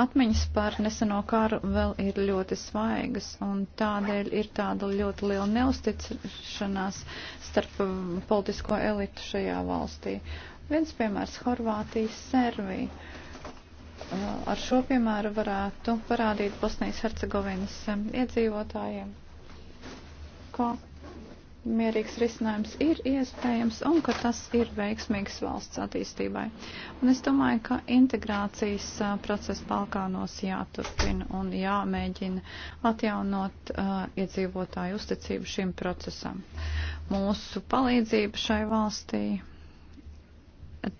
Atmiņas par neseno karu vēl ir ļoti svaigas, un tādēļ ir tāda ļoti liela neusticēšanās starp eh, politisko elitu šajā valstī. Viens piemērs - Horvātija, Servija ar šo piemēru varētu parādīt Bosnijas Hercegovinas iedzīvotājiem, ka mierīgs risinājums ir iespējams un ka tas ir veiksmīgs valsts attīstībai. Un es domāju, ka integrācijas process Balkānos jāturpina un jāmēģina atjaunot uh, iedzīvotāju uzticību šim procesam. Mūsu palīdzība šai valstī,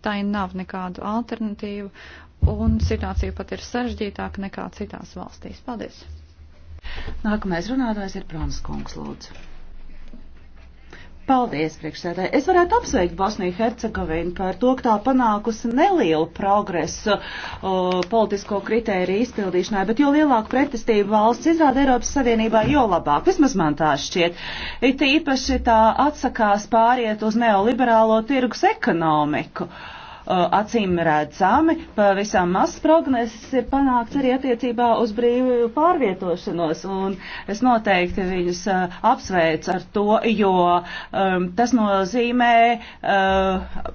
tai nav nekādu alternatīvu un situācija pat ir sarežģītāka nekā citās valstīs. Paldies! Nākamais runātājs ir Prāns Kungs, lūdzu. Paldies, priekšsēdē. Es varētu apsveikt Bosniju Hercegovinu par to, ka tā panākusi nelielu progresu o, uh, politisko kritēriju izpildīšanai, bet jo lielāku pretestību valsts izrāda Eiropas Savienībā, jo labāk. Vismaz man tā šķiet. It īpaši tā atsakās pāriet uz neoliberālo tirgus ekonomiku. Uh, Uh, acīm redzami, pavisam maz progress ir panākts arī attiecībā uz brīvu pārvietošanos, un es noteikti viņus uh, apsveicu ar to, jo um, tas nozīmē uh,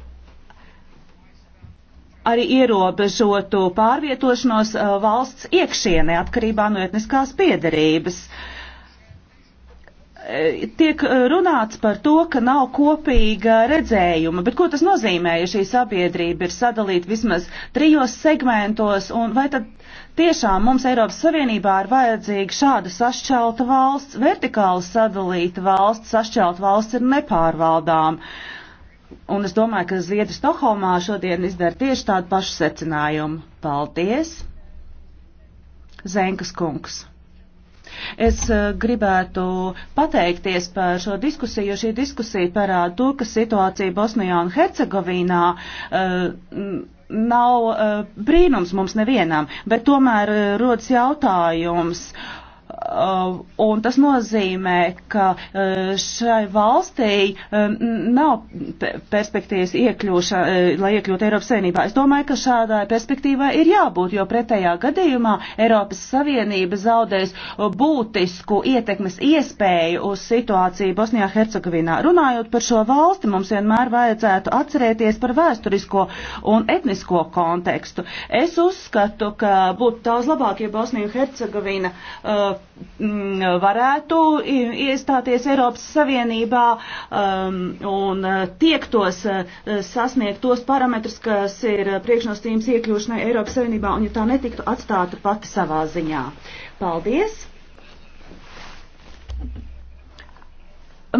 arī ierobežotu pārvietošanos uh, valsts iekšienē atkarībā no etniskās piedarības. Uh, tiek eh, runāts par to, ka nav kopīga redzējuma, bet ko tas nozīmē, ja šī sabiedrība ir sadalīta vismaz trijos segmentos, un vai tad tiešām mums Eiropas Savienībā ir vajadzīga šāda sašķelta valsts, vertikāli sadalīta valsts, sašķelta valsts ir nepārvaldām. Un es domāju, ka Ziedri Stokholmā šodien izdara tieši tādu pašu secinājumu. Paldies! Zenkas kungs. Es eh, gribētu pateikties par šo diskusiju, jo šī diskusija parāda to, ka situācija Bosnijā un Hercegovīnā uh, nav uh, brīnums mums nevienam, bet tomēr uh, rodas jautājums. Uh, Uh, un tas nozīmē, ka uh, šai valstī uh, nav perspektīvas iekļūša, lai iekļūtu Eiropas Savienībā. Es domāju, ka šādai perspektīvai ir jābūt, jo pretējā gadījumā Eiropas Savienība zaudēs būtisku ietekmes iespēju uz situāciju Bosnijā-Hercegovinā. Runājot par šo valsti, mums vienmēr vajadzētu atcerēties par vēsturisko un etnisko kontekstu. Es uzskatu, ka būtu daudz labāk, ja Bosnija-Hercegovina uh, Mm, varētu iestāties Eiropas Savienībā um, un uh, tiektos uh, sasniegt tos parametrus, kas ir priekšnosacījums iekļūšanai Eiropas Savienībā, un ja tā netiktu atstāta pati savā ziņā. Paldies!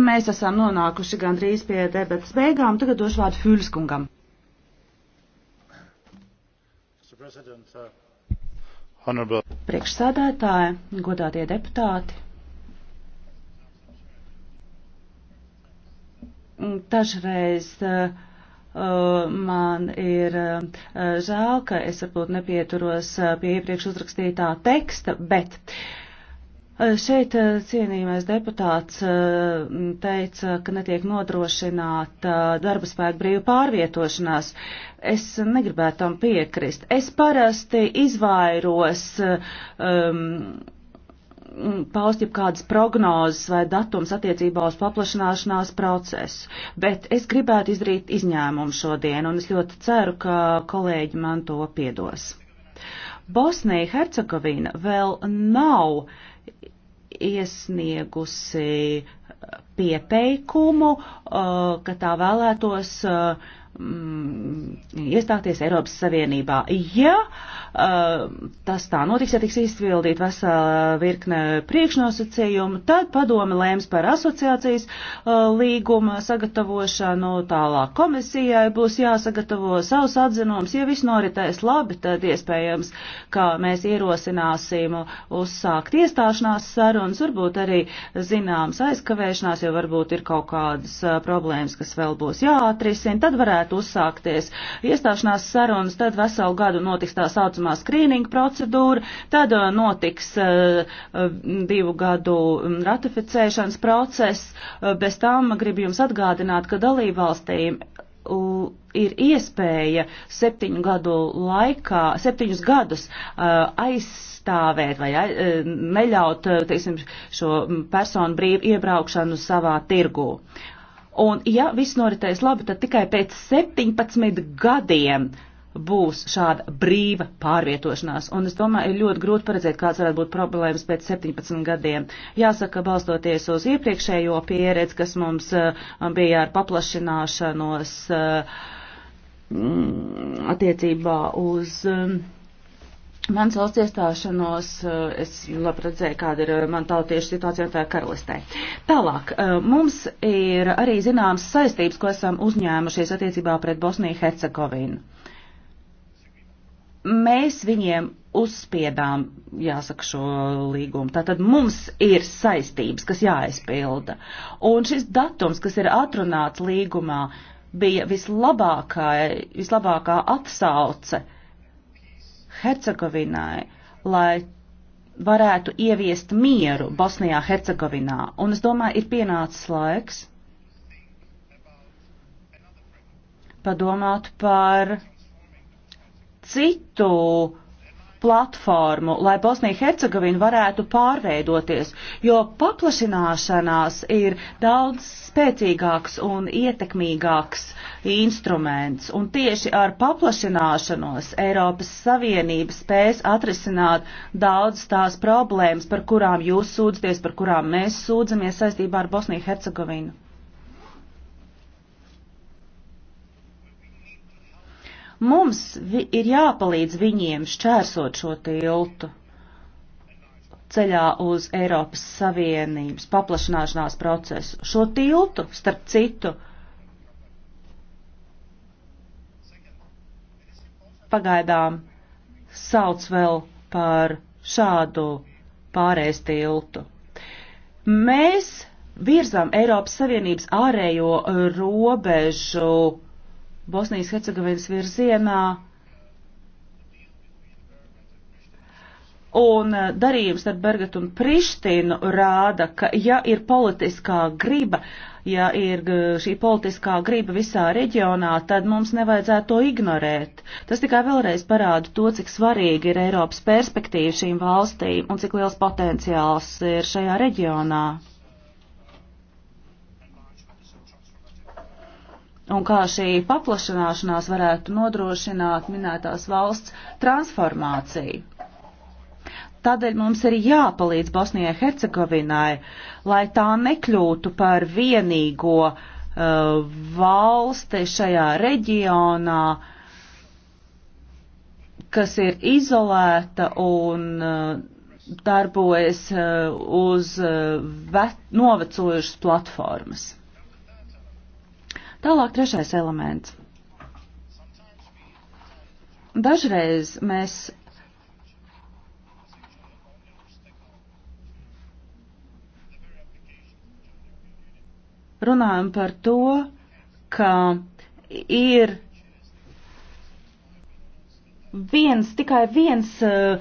Mēs esam nonākuši gandrīz pie debatas beigām. Tagad došu vārdu Fūlskungam. Mr. President, uh... Honorable. Priekšsādātāja, godātie deputāti. Dažreiz uh, uh man ir uh, žēl, ka es varbūt nepieturos uh, pie iepriekš uzrakstītā teksta, bet uh, Eh, šeit eh, cienījamais deputāts eh, teica, ka netiek nodrošināta darba spēka brīva pārvietošanās. Es negribētu tam piekrist. Es parasti izvairos um, paust jau kādas prognozes vai datums attiecībā uz paplašanāšanās procesu, bet es gribētu izdarīt izņēmumu šodien, un es ļoti ceru, ka kolēģi man to piedos. Bosnija-Hercegovina vēl nav iesniegusi pieteikumu, uh, ka tā vēlētos uh, Mm, iestāties Eiropas Savienībā. Ja uh, tas tā notiks, ja tiks izpildīt vesela virkne priekšnosacījumu, tad padome lēms par asociācijas uh, līguma sagatavošanu, tālāk komisijai būs jāsagatavo savus atzinums. Ja viss noritēs labi, tad iespējams, ka mēs ierosināsim uzsākt iestāšanās sarunas, varbūt arī zināms aizkavēšanās, jo varbūt ir kaut kādas uh, problēmas, kas vēl būs jāatrisina. Tad varētu varētu uzsākties iestāšanās sarunas, tad veselu gadu notiks tā saucamā skrīninga procedūra, tad uh, notiks uh, uh, divu gadu um, ratificēšanas process. Bez tam gribu jums atgādināt, ka dalībvalstīm ir iespēja septiņu gadu laikā, septiņus gadus uh, aizstāvēt vai aiz, uh, neļaut, teiksim, šo mm, personu brīvu iebraukšanu savā tirgū. Uh, Un, ja viss noritēs labi, tad tikai pēc 17 gadiem būs šāda brīva pārvietošanās. Un es domāju, ir ļoti grūti paredzēt, kāds varētu būt problēmas pēc 17 gadiem. Jāsaka, balstoties uz iepriekšējo pieredzi, kas mums uh, bija ar paplašināšanos uh, mm, attiecībā uz. Um, Mans valsts iestāšanos, eh, es labi redzēju, kāda ir eh, man tautiešu situācija tā karalistē. Tālāk, eh, mums ir arī zināmas saistības, ko esam uzņēmušies attiecībā pret Bosniju Hercegovinu. Mēs viņiem uzspiedām, jāsaka, šo līgumu. Tātad mums ir saistības, kas jāaizpilda. Un šis datums, kas ir atrunāts līgumā, bija vislabākā, vislabākā atsauce Hercegovinai, lai varētu ieviest mieru Bosnijā, Hercegovinā. Un es domāju, ir pienācis laiks padomāt par citu platformu, lai Bosnija-Hercegovina varētu pārveidoties, jo paplašināšanās ir daudz spēcīgāks un ietekmīgāks instruments, un tieši ar paplašināšanos Eiropas Savienība spēs atrisināt daudz tās problēmas, par kurām jūs sūdzaties, par kurām mēs sūdzamies saistībā ar Bosniju-Hercegovinu. Mums vi ir jāpalīdz viņiem šķērsot šo tiltu ceļā uz Eiropas Savienības paplašanāšanās procesu. Šo tiltu, starp citu, pagaidām sauc vēl par šādu pārējais tiltu. Mēs virzām Eiropas Savienības ārējo robežu Bosnijas Hercegovinas virzienā. Un eh, darījums ar Bergatu un Prištinu rāda, ka ja ir politiskā griba, ja ir šī politiskā griba visā reģionā, tad mums nevajadzētu to ignorēt. Tas tikai vēlreiz parāda to, cik svarīgi ir Eiropas perspektīva šīm valstīm un cik liels potenciāls ir šajā reģionā. un kā šī paplašanāšanās varētu nodrošināt minētās valsts transformāciju. Tādēļ mums ir jāpalīdz Bosnijai Hercegovinai, lai tā nekļūtu par vienīgo uh, valsti šajā reģionā, kas ir izolēta un uh, darbojas uh, uz uh, novecojušas platformas. Tālāk trešais elements. Dažreiz mēs runājam par to, ka ir viens, tikai viens eh,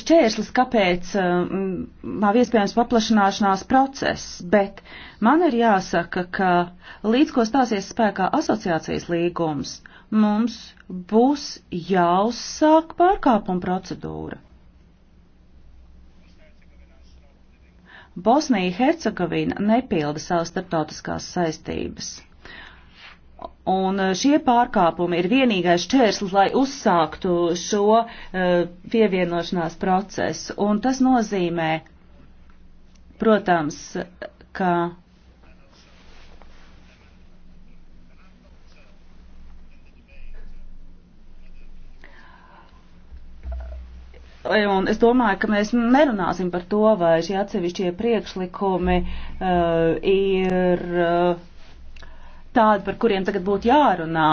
šķērslis, kāpēc eh, nav iespējams paplašanāšanās process, bet man ir jāsaka, ka līdz ko stāsies spēkā asociācijas līgums, mums būs jāuzsāk pārkāpuma procedūra. Bosnija-Hercegovina nepilda savas starptautiskās saistības. Un eh, šie pārkāpumi ir vienīgais čērslis, lai uzsāktu šo uh, pievienošanās procesu. Un tas nozīmē, protams, ka Un es domāju, ka mēs nerunāsim par to, vai šie atsevišķie priekšlikumi uh, ir. Uh, tādi, par kuriem tagad būtu jārunā,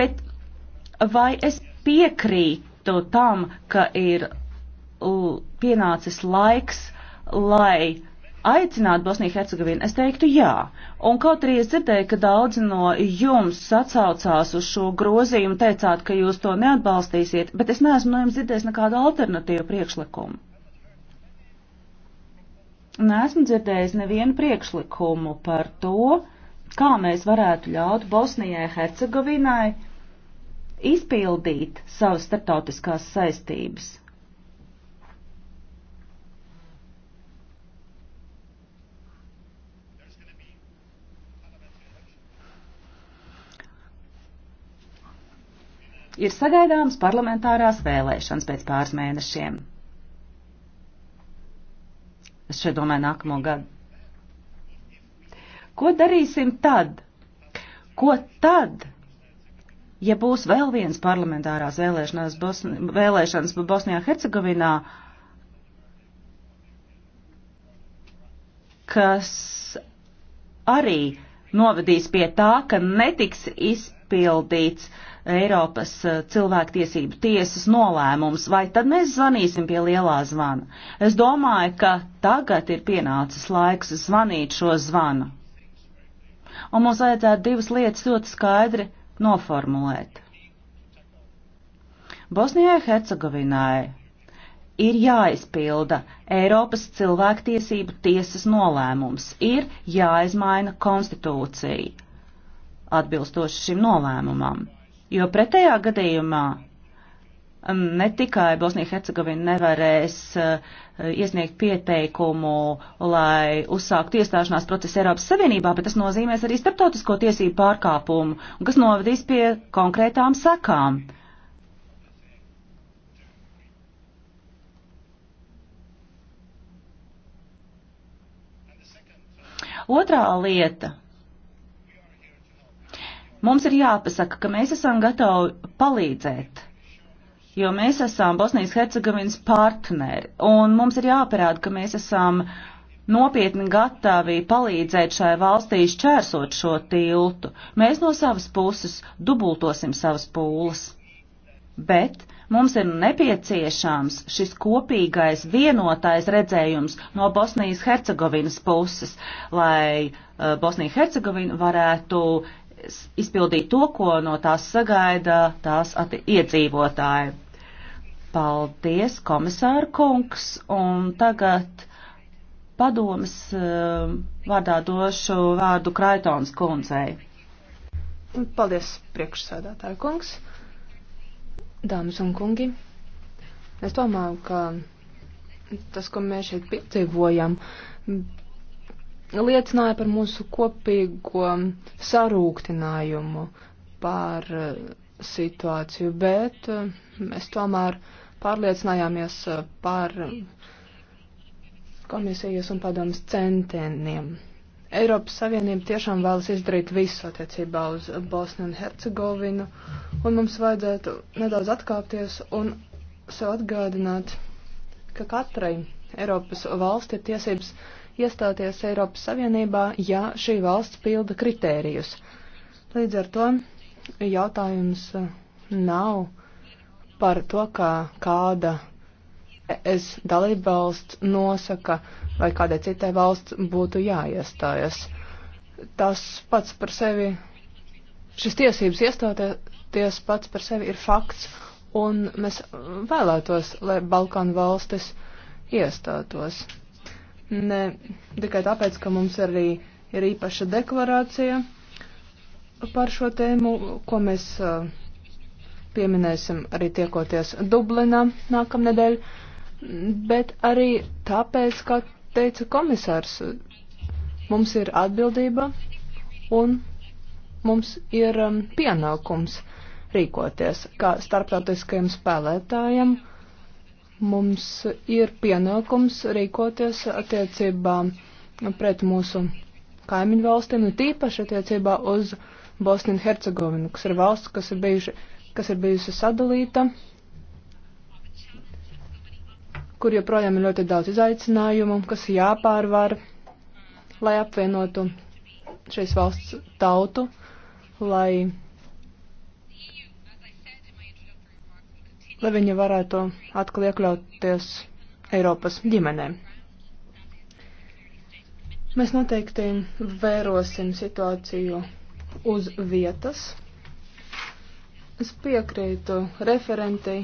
bet vai es piekrītu tam, ka ir pienācis laiks, lai aicināt Bosniju Hercegovinu? Es teiktu jā. Un kaut arī es dzirdēju, ka daudzi no jums atsaucās uz šo grozījumu, teicāt, ka jūs to neatbalstīsiet, bet es neesmu no jums dzirdējis nekādu alternatīvu priekšlikumu. Nesmu dzirdējis nevienu priekšlikumu par to, kā mēs varētu ļaut Bosnijai Hercegovinai izpildīt savas starptautiskās saistības. Ir sagaidāmas parlamentārās vēlēšanas pēc pāris mēnešiem. Es šeit domāju nākamo gadu. Ko darīsim tad? Ko tad? Ja būs vēl viens parlamentārās vēlēšanas, Bosni, vēlēšanas Bosnijā Hercegovinā, kas arī novedīs pie tā, ka netiks izpildīts Eiropas eh, cilvēktiesību tiesas nolēmums, vai tad mēs zvanīsim pie lielā zvana? Es domāju, ka tagad ir pienācis laiks zvanīt šo zvanu un mums vajadzētu divas lietas ļoti skaidri noformulēt. Bosnijai Hercegovinai ir jāizpilda Eiropas cilvēktiesību tiesas nolēmums, ir jāizmaina konstitūcija atbilstoši šim nolēmumam, jo pretējā gadījumā ne tikai Bosnija Hercegovina nevarēs eh, iesniegt pieteikumu, lai uzsāktu iestāšanās procesu Eiropas Savienībā, bet tas nozīmēs arī starptautisko tiesību pārkāpumu, kas novadīs pie konkrētām sekām. Otrā lieta. Mums ir jāpasaka, ka mēs esam gatavi palīdzēt jo mēs esam Bosnijas Hercegovinas partneri, un mums ir jāparāda, ka mēs esam nopietni gatavi palīdzēt šai valstī šķērsot šo tiltu. Mēs no savas puses dubultosim savas pūles. Bet mums ir nepieciešams šis kopīgais vienotais redzējums no Bosnijas Hercegovinas puses, lai eh, Bosnija Hercegovina varētu izpildīt to, ko no tās sagaida tās iedzīvotāji. Paldies, komisāra kungs, un tagad padomas eh, vārdā došu vārdu Kraitons kundzei. Paldies, priekšsēdētāja kungs, dāmas un kungi. Es domāju, ka tas, ko mēs šeit piedzīvojam, liecināja par mūsu kopīgo sarūktinājumu par eh, situāciju, bet eh, mēs tomēr uh, pārliecinājāmies eh, par komisijas un padomas centieniem. Eiropas Savienība tiešām vēlas izdarīt visu attiecībā uz Bosniju un Hercegovinu, un mums vajadzētu nedaudz atkāpties un sev atgādināt, ka katrai Eiropas valsts ir tiesības iestāties Eiropas Savienībā, ja šī valsts pilda kritērijus. Līdz ar to jautājums eh, nav par to, ka kāda es dalība valsts nosaka vai kādai citai valsts būtu jāiestājas. Tas pats par sevi, šis tiesības iestāties pats par sevi ir fakts, un mēs vēlētos, lai Balkānu valstis iestātos. Ne tikai tāpēc, ka mums arī ir īpaša deklarācija par šo tēmu, ko mēs uh, pieminēsim arī tiekoties Dublinā nākamnedēļ, bet arī tāpēc, kā teica komisārs, mums ir atbildība un mums ir um, pienākums rīkoties kā starptautiskajiem spēlētājiem. Mums ir pienākums rīkoties attiecībā pret mūsu kaimiņu valstīm, un tīpaši attiecībā uz Bosniju un Hercegovinu, kas ir valsts, kas ir bijuši kas ir bijusi sadalīta, kur joprojām ir ļoti daudz izaicinājumu, kas jāpārvar, lai apvienotu šīs valsts tautu, lai, lai viņa varētu atkal iekļauties Eiropas ģimenē. Mēs noteikti vērosim situāciju uz vietas Es piekrītu referentei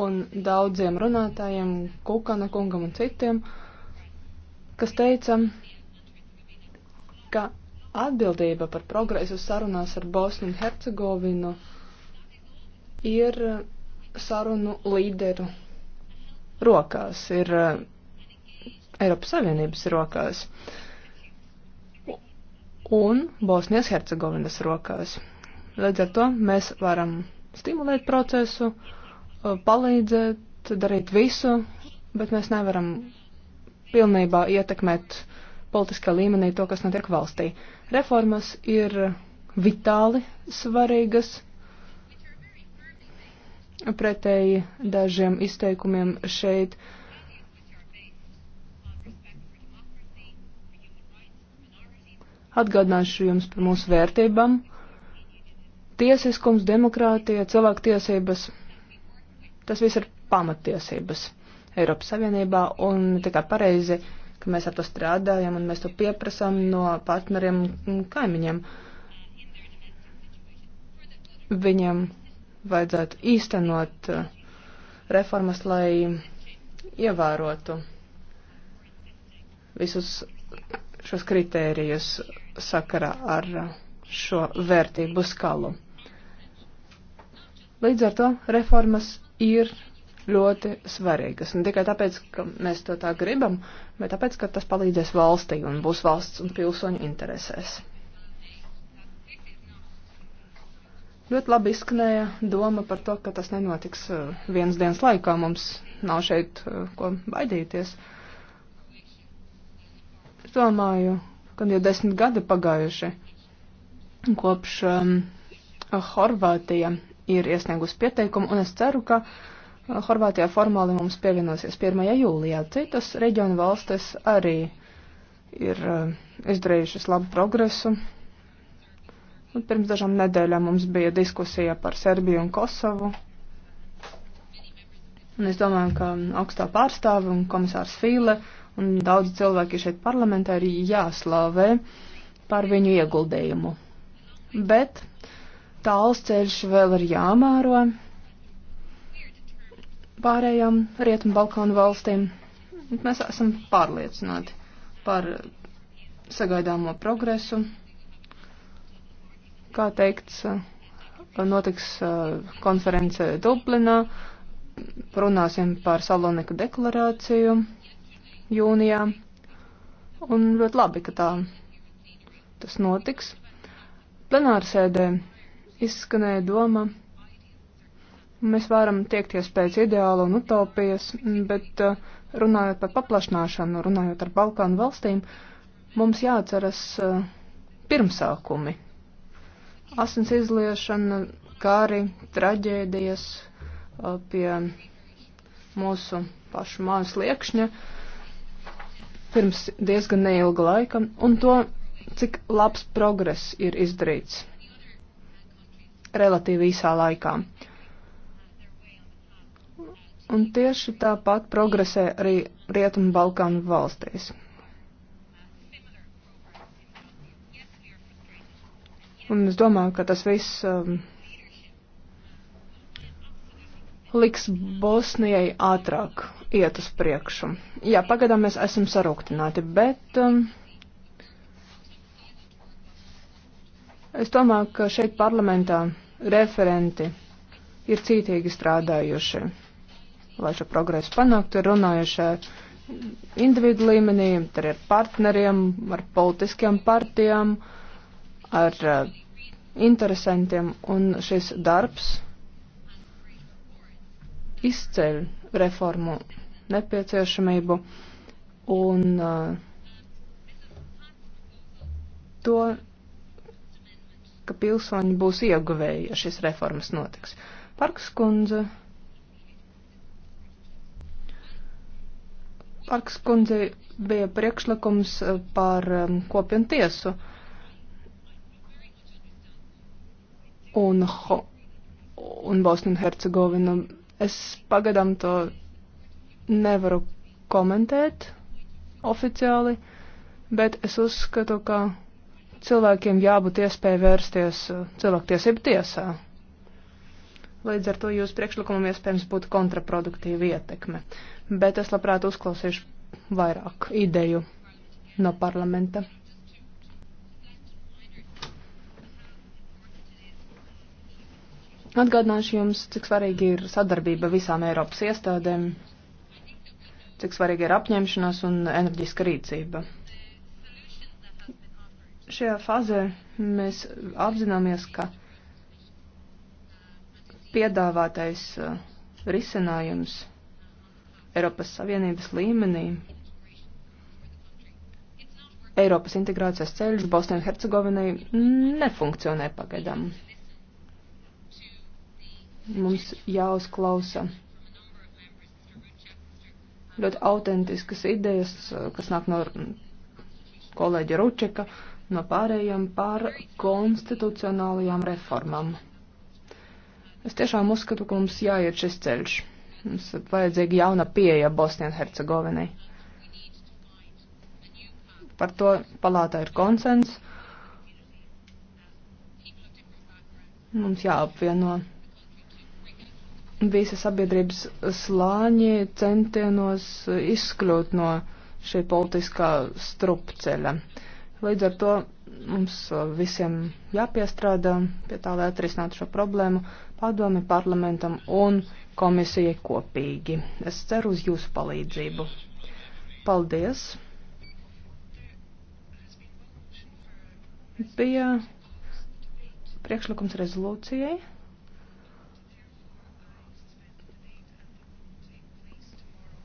un daudziem runātājiem, Kukana kungam un citiem, kas teica, ka atbildība par progresu sarunās ar Bosniju un Hercegovinu ir sarunu līderu rokās, ir eh, Eiropas Savienības rokās un Bosnijas Hercegovinas rokās. Līdz ar to mēs varam stimulēt procesu, palīdzēt, darīt visu, bet mēs nevaram pilnībā ietekmēt politiskā līmenī to, kas notiek valstī. Reformas ir vitāli svarīgas. Pretēji dažiem izteikumiem šeit atgādināšu jums par mūsu vērtībām, Tiesiskums, demokrātija, cilvēktiesības, tas viss ir pamatiesības Eiropas Savienībā un tikai pareizi, ka mēs ar to strādājam un mēs to pieprasām no partneriem un kaimiņiem. Viņiem vajadzētu īstenot uh, reformas, lai ievērotu visus šos kritērijus sakarā ar uh, šo vērtību skalu. Līdz ar to reformas ir ļoti svarīgas. Ne tikai tāpēc, ka mēs to tā gribam, bet tāpēc, ka tas palīdzēs valstī un būs valsts un pilsoņu interesēs. Ļoti labi izskanēja doma par to, ka tas nenotiks uh, vienas dienas laikā. Mums nav šeit uh, ko baidīties. Es domāju, ka jau desmit gadi pagājuši kopš um, Horvātija ir iesniegusi pieteikumu, un es ceru, ka uh, Horvātijā formāli mums pievienosies 1. jūlijā. Citas reģionu valstis arī ir uh, izdarījušas labu progresu. Un pirms dažām nedēļām mums bija diskusija par Serbiju un Kosovu. Un es domāju, ka augstā pārstāve un komisārs Fīle un daudz cilvēki šeit parlamentā ir jāslavē par viņu ieguldījumu bet tāls ceļš vēl ir jāmēro pārējām Rietumu Balkānu valstīm. Mēs esam pārliecināti par sagaidāmo progresu. Kā teikts, notiks konference Dublinā, runāsim par Salonika deklarāciju jūnijā. Un ļoti labi, ka tā tas notiks. Plenārsēdē izskanēja doma, mēs varam tiekties pēc ideāla un utopijas, bet eh, runājot par paplašināšanu, runājot ar Balkānu valstīm, mums jāatceras eh, pirmsākumi. Asins izliešana, kāri, traģēdijas eh, pie mūsu pašu mājas liekšņa pirms diezgan neilga laika, un to cik labs progress ir izdarīts relatīvi īsā laikā. Un tieši tāpat progresē arī Rietumu Balkānu valstīs. Un es domāju, ka tas viss um, liks Bosnijai ātrāk iet uz priekšu. Jā, pagadām mēs esam sarūktināti, bet. Um, Es domāju, ka šeit parlamentā referenti ir cītīgi strādājuši, lai šo progresu panāktu, ir runājuši individu līmenī, tad ar partneriem, ar politiskajām partijām, ar eh, interesantiem, un šis darbs izceļ reformu nepieciešamību un uh, to ka pilsoņi būs ieguvēji, ja šis reformas notiks. Parks kundze. Parks kundze bija priekšlikums eh, par um, kopienu tiesu. Un, ho, un Bosnija un Hercegovina. Es pagadam to nevaru komentēt oficiāli, bet es uzskatu, ka cilvēkiem jābūt iespēja vērsties uh, cilvēktiesību tiesā. Līdz ar to jūsu priekšlikumam iespējams būtu kontraproduktīva ietekme. Bet es labprāt uzklausīšu vairāk ideju no parlamenta. Atgādināšu jums, cik svarīgi ir sadarbība visām Eiropas iestādēm, cik svarīgi ir apņemšanās un enerģiska rīcība. Šajā fazē mēs apzināmies, ka piedāvātais uh, risinājums Eiropas Savienības līmenī, Eiropas integrācijas ceļš Bosnijai un Hercegovinai nefunkcionē pagaidām. Mums jāuzklausa ļoti autentiskas idejas, uh, kas nāk no kolēģa Ručeka, uh, no pārējiem par konstitucionālajām reformām. Es tiešām uzskatu, ka mums jāiet šis ceļš. Mums ir vajadzīga jauna pieeja Bosnijai-Hercegovinai. Par to palātā ir konsens. Mums jāapvieno visi sabiedrības slāņi centienos izkļūt no šī politiskā strupceļa. Uh, Līdz ar to mums uh, visiem jāpiestrādā pie tā, lai atrisinātu šo problēmu padomi parlamentam un komisijai kopīgi. Es ceru uz jūsu palīdzību. Paldies! Bija priekšlikums rezolūcijai.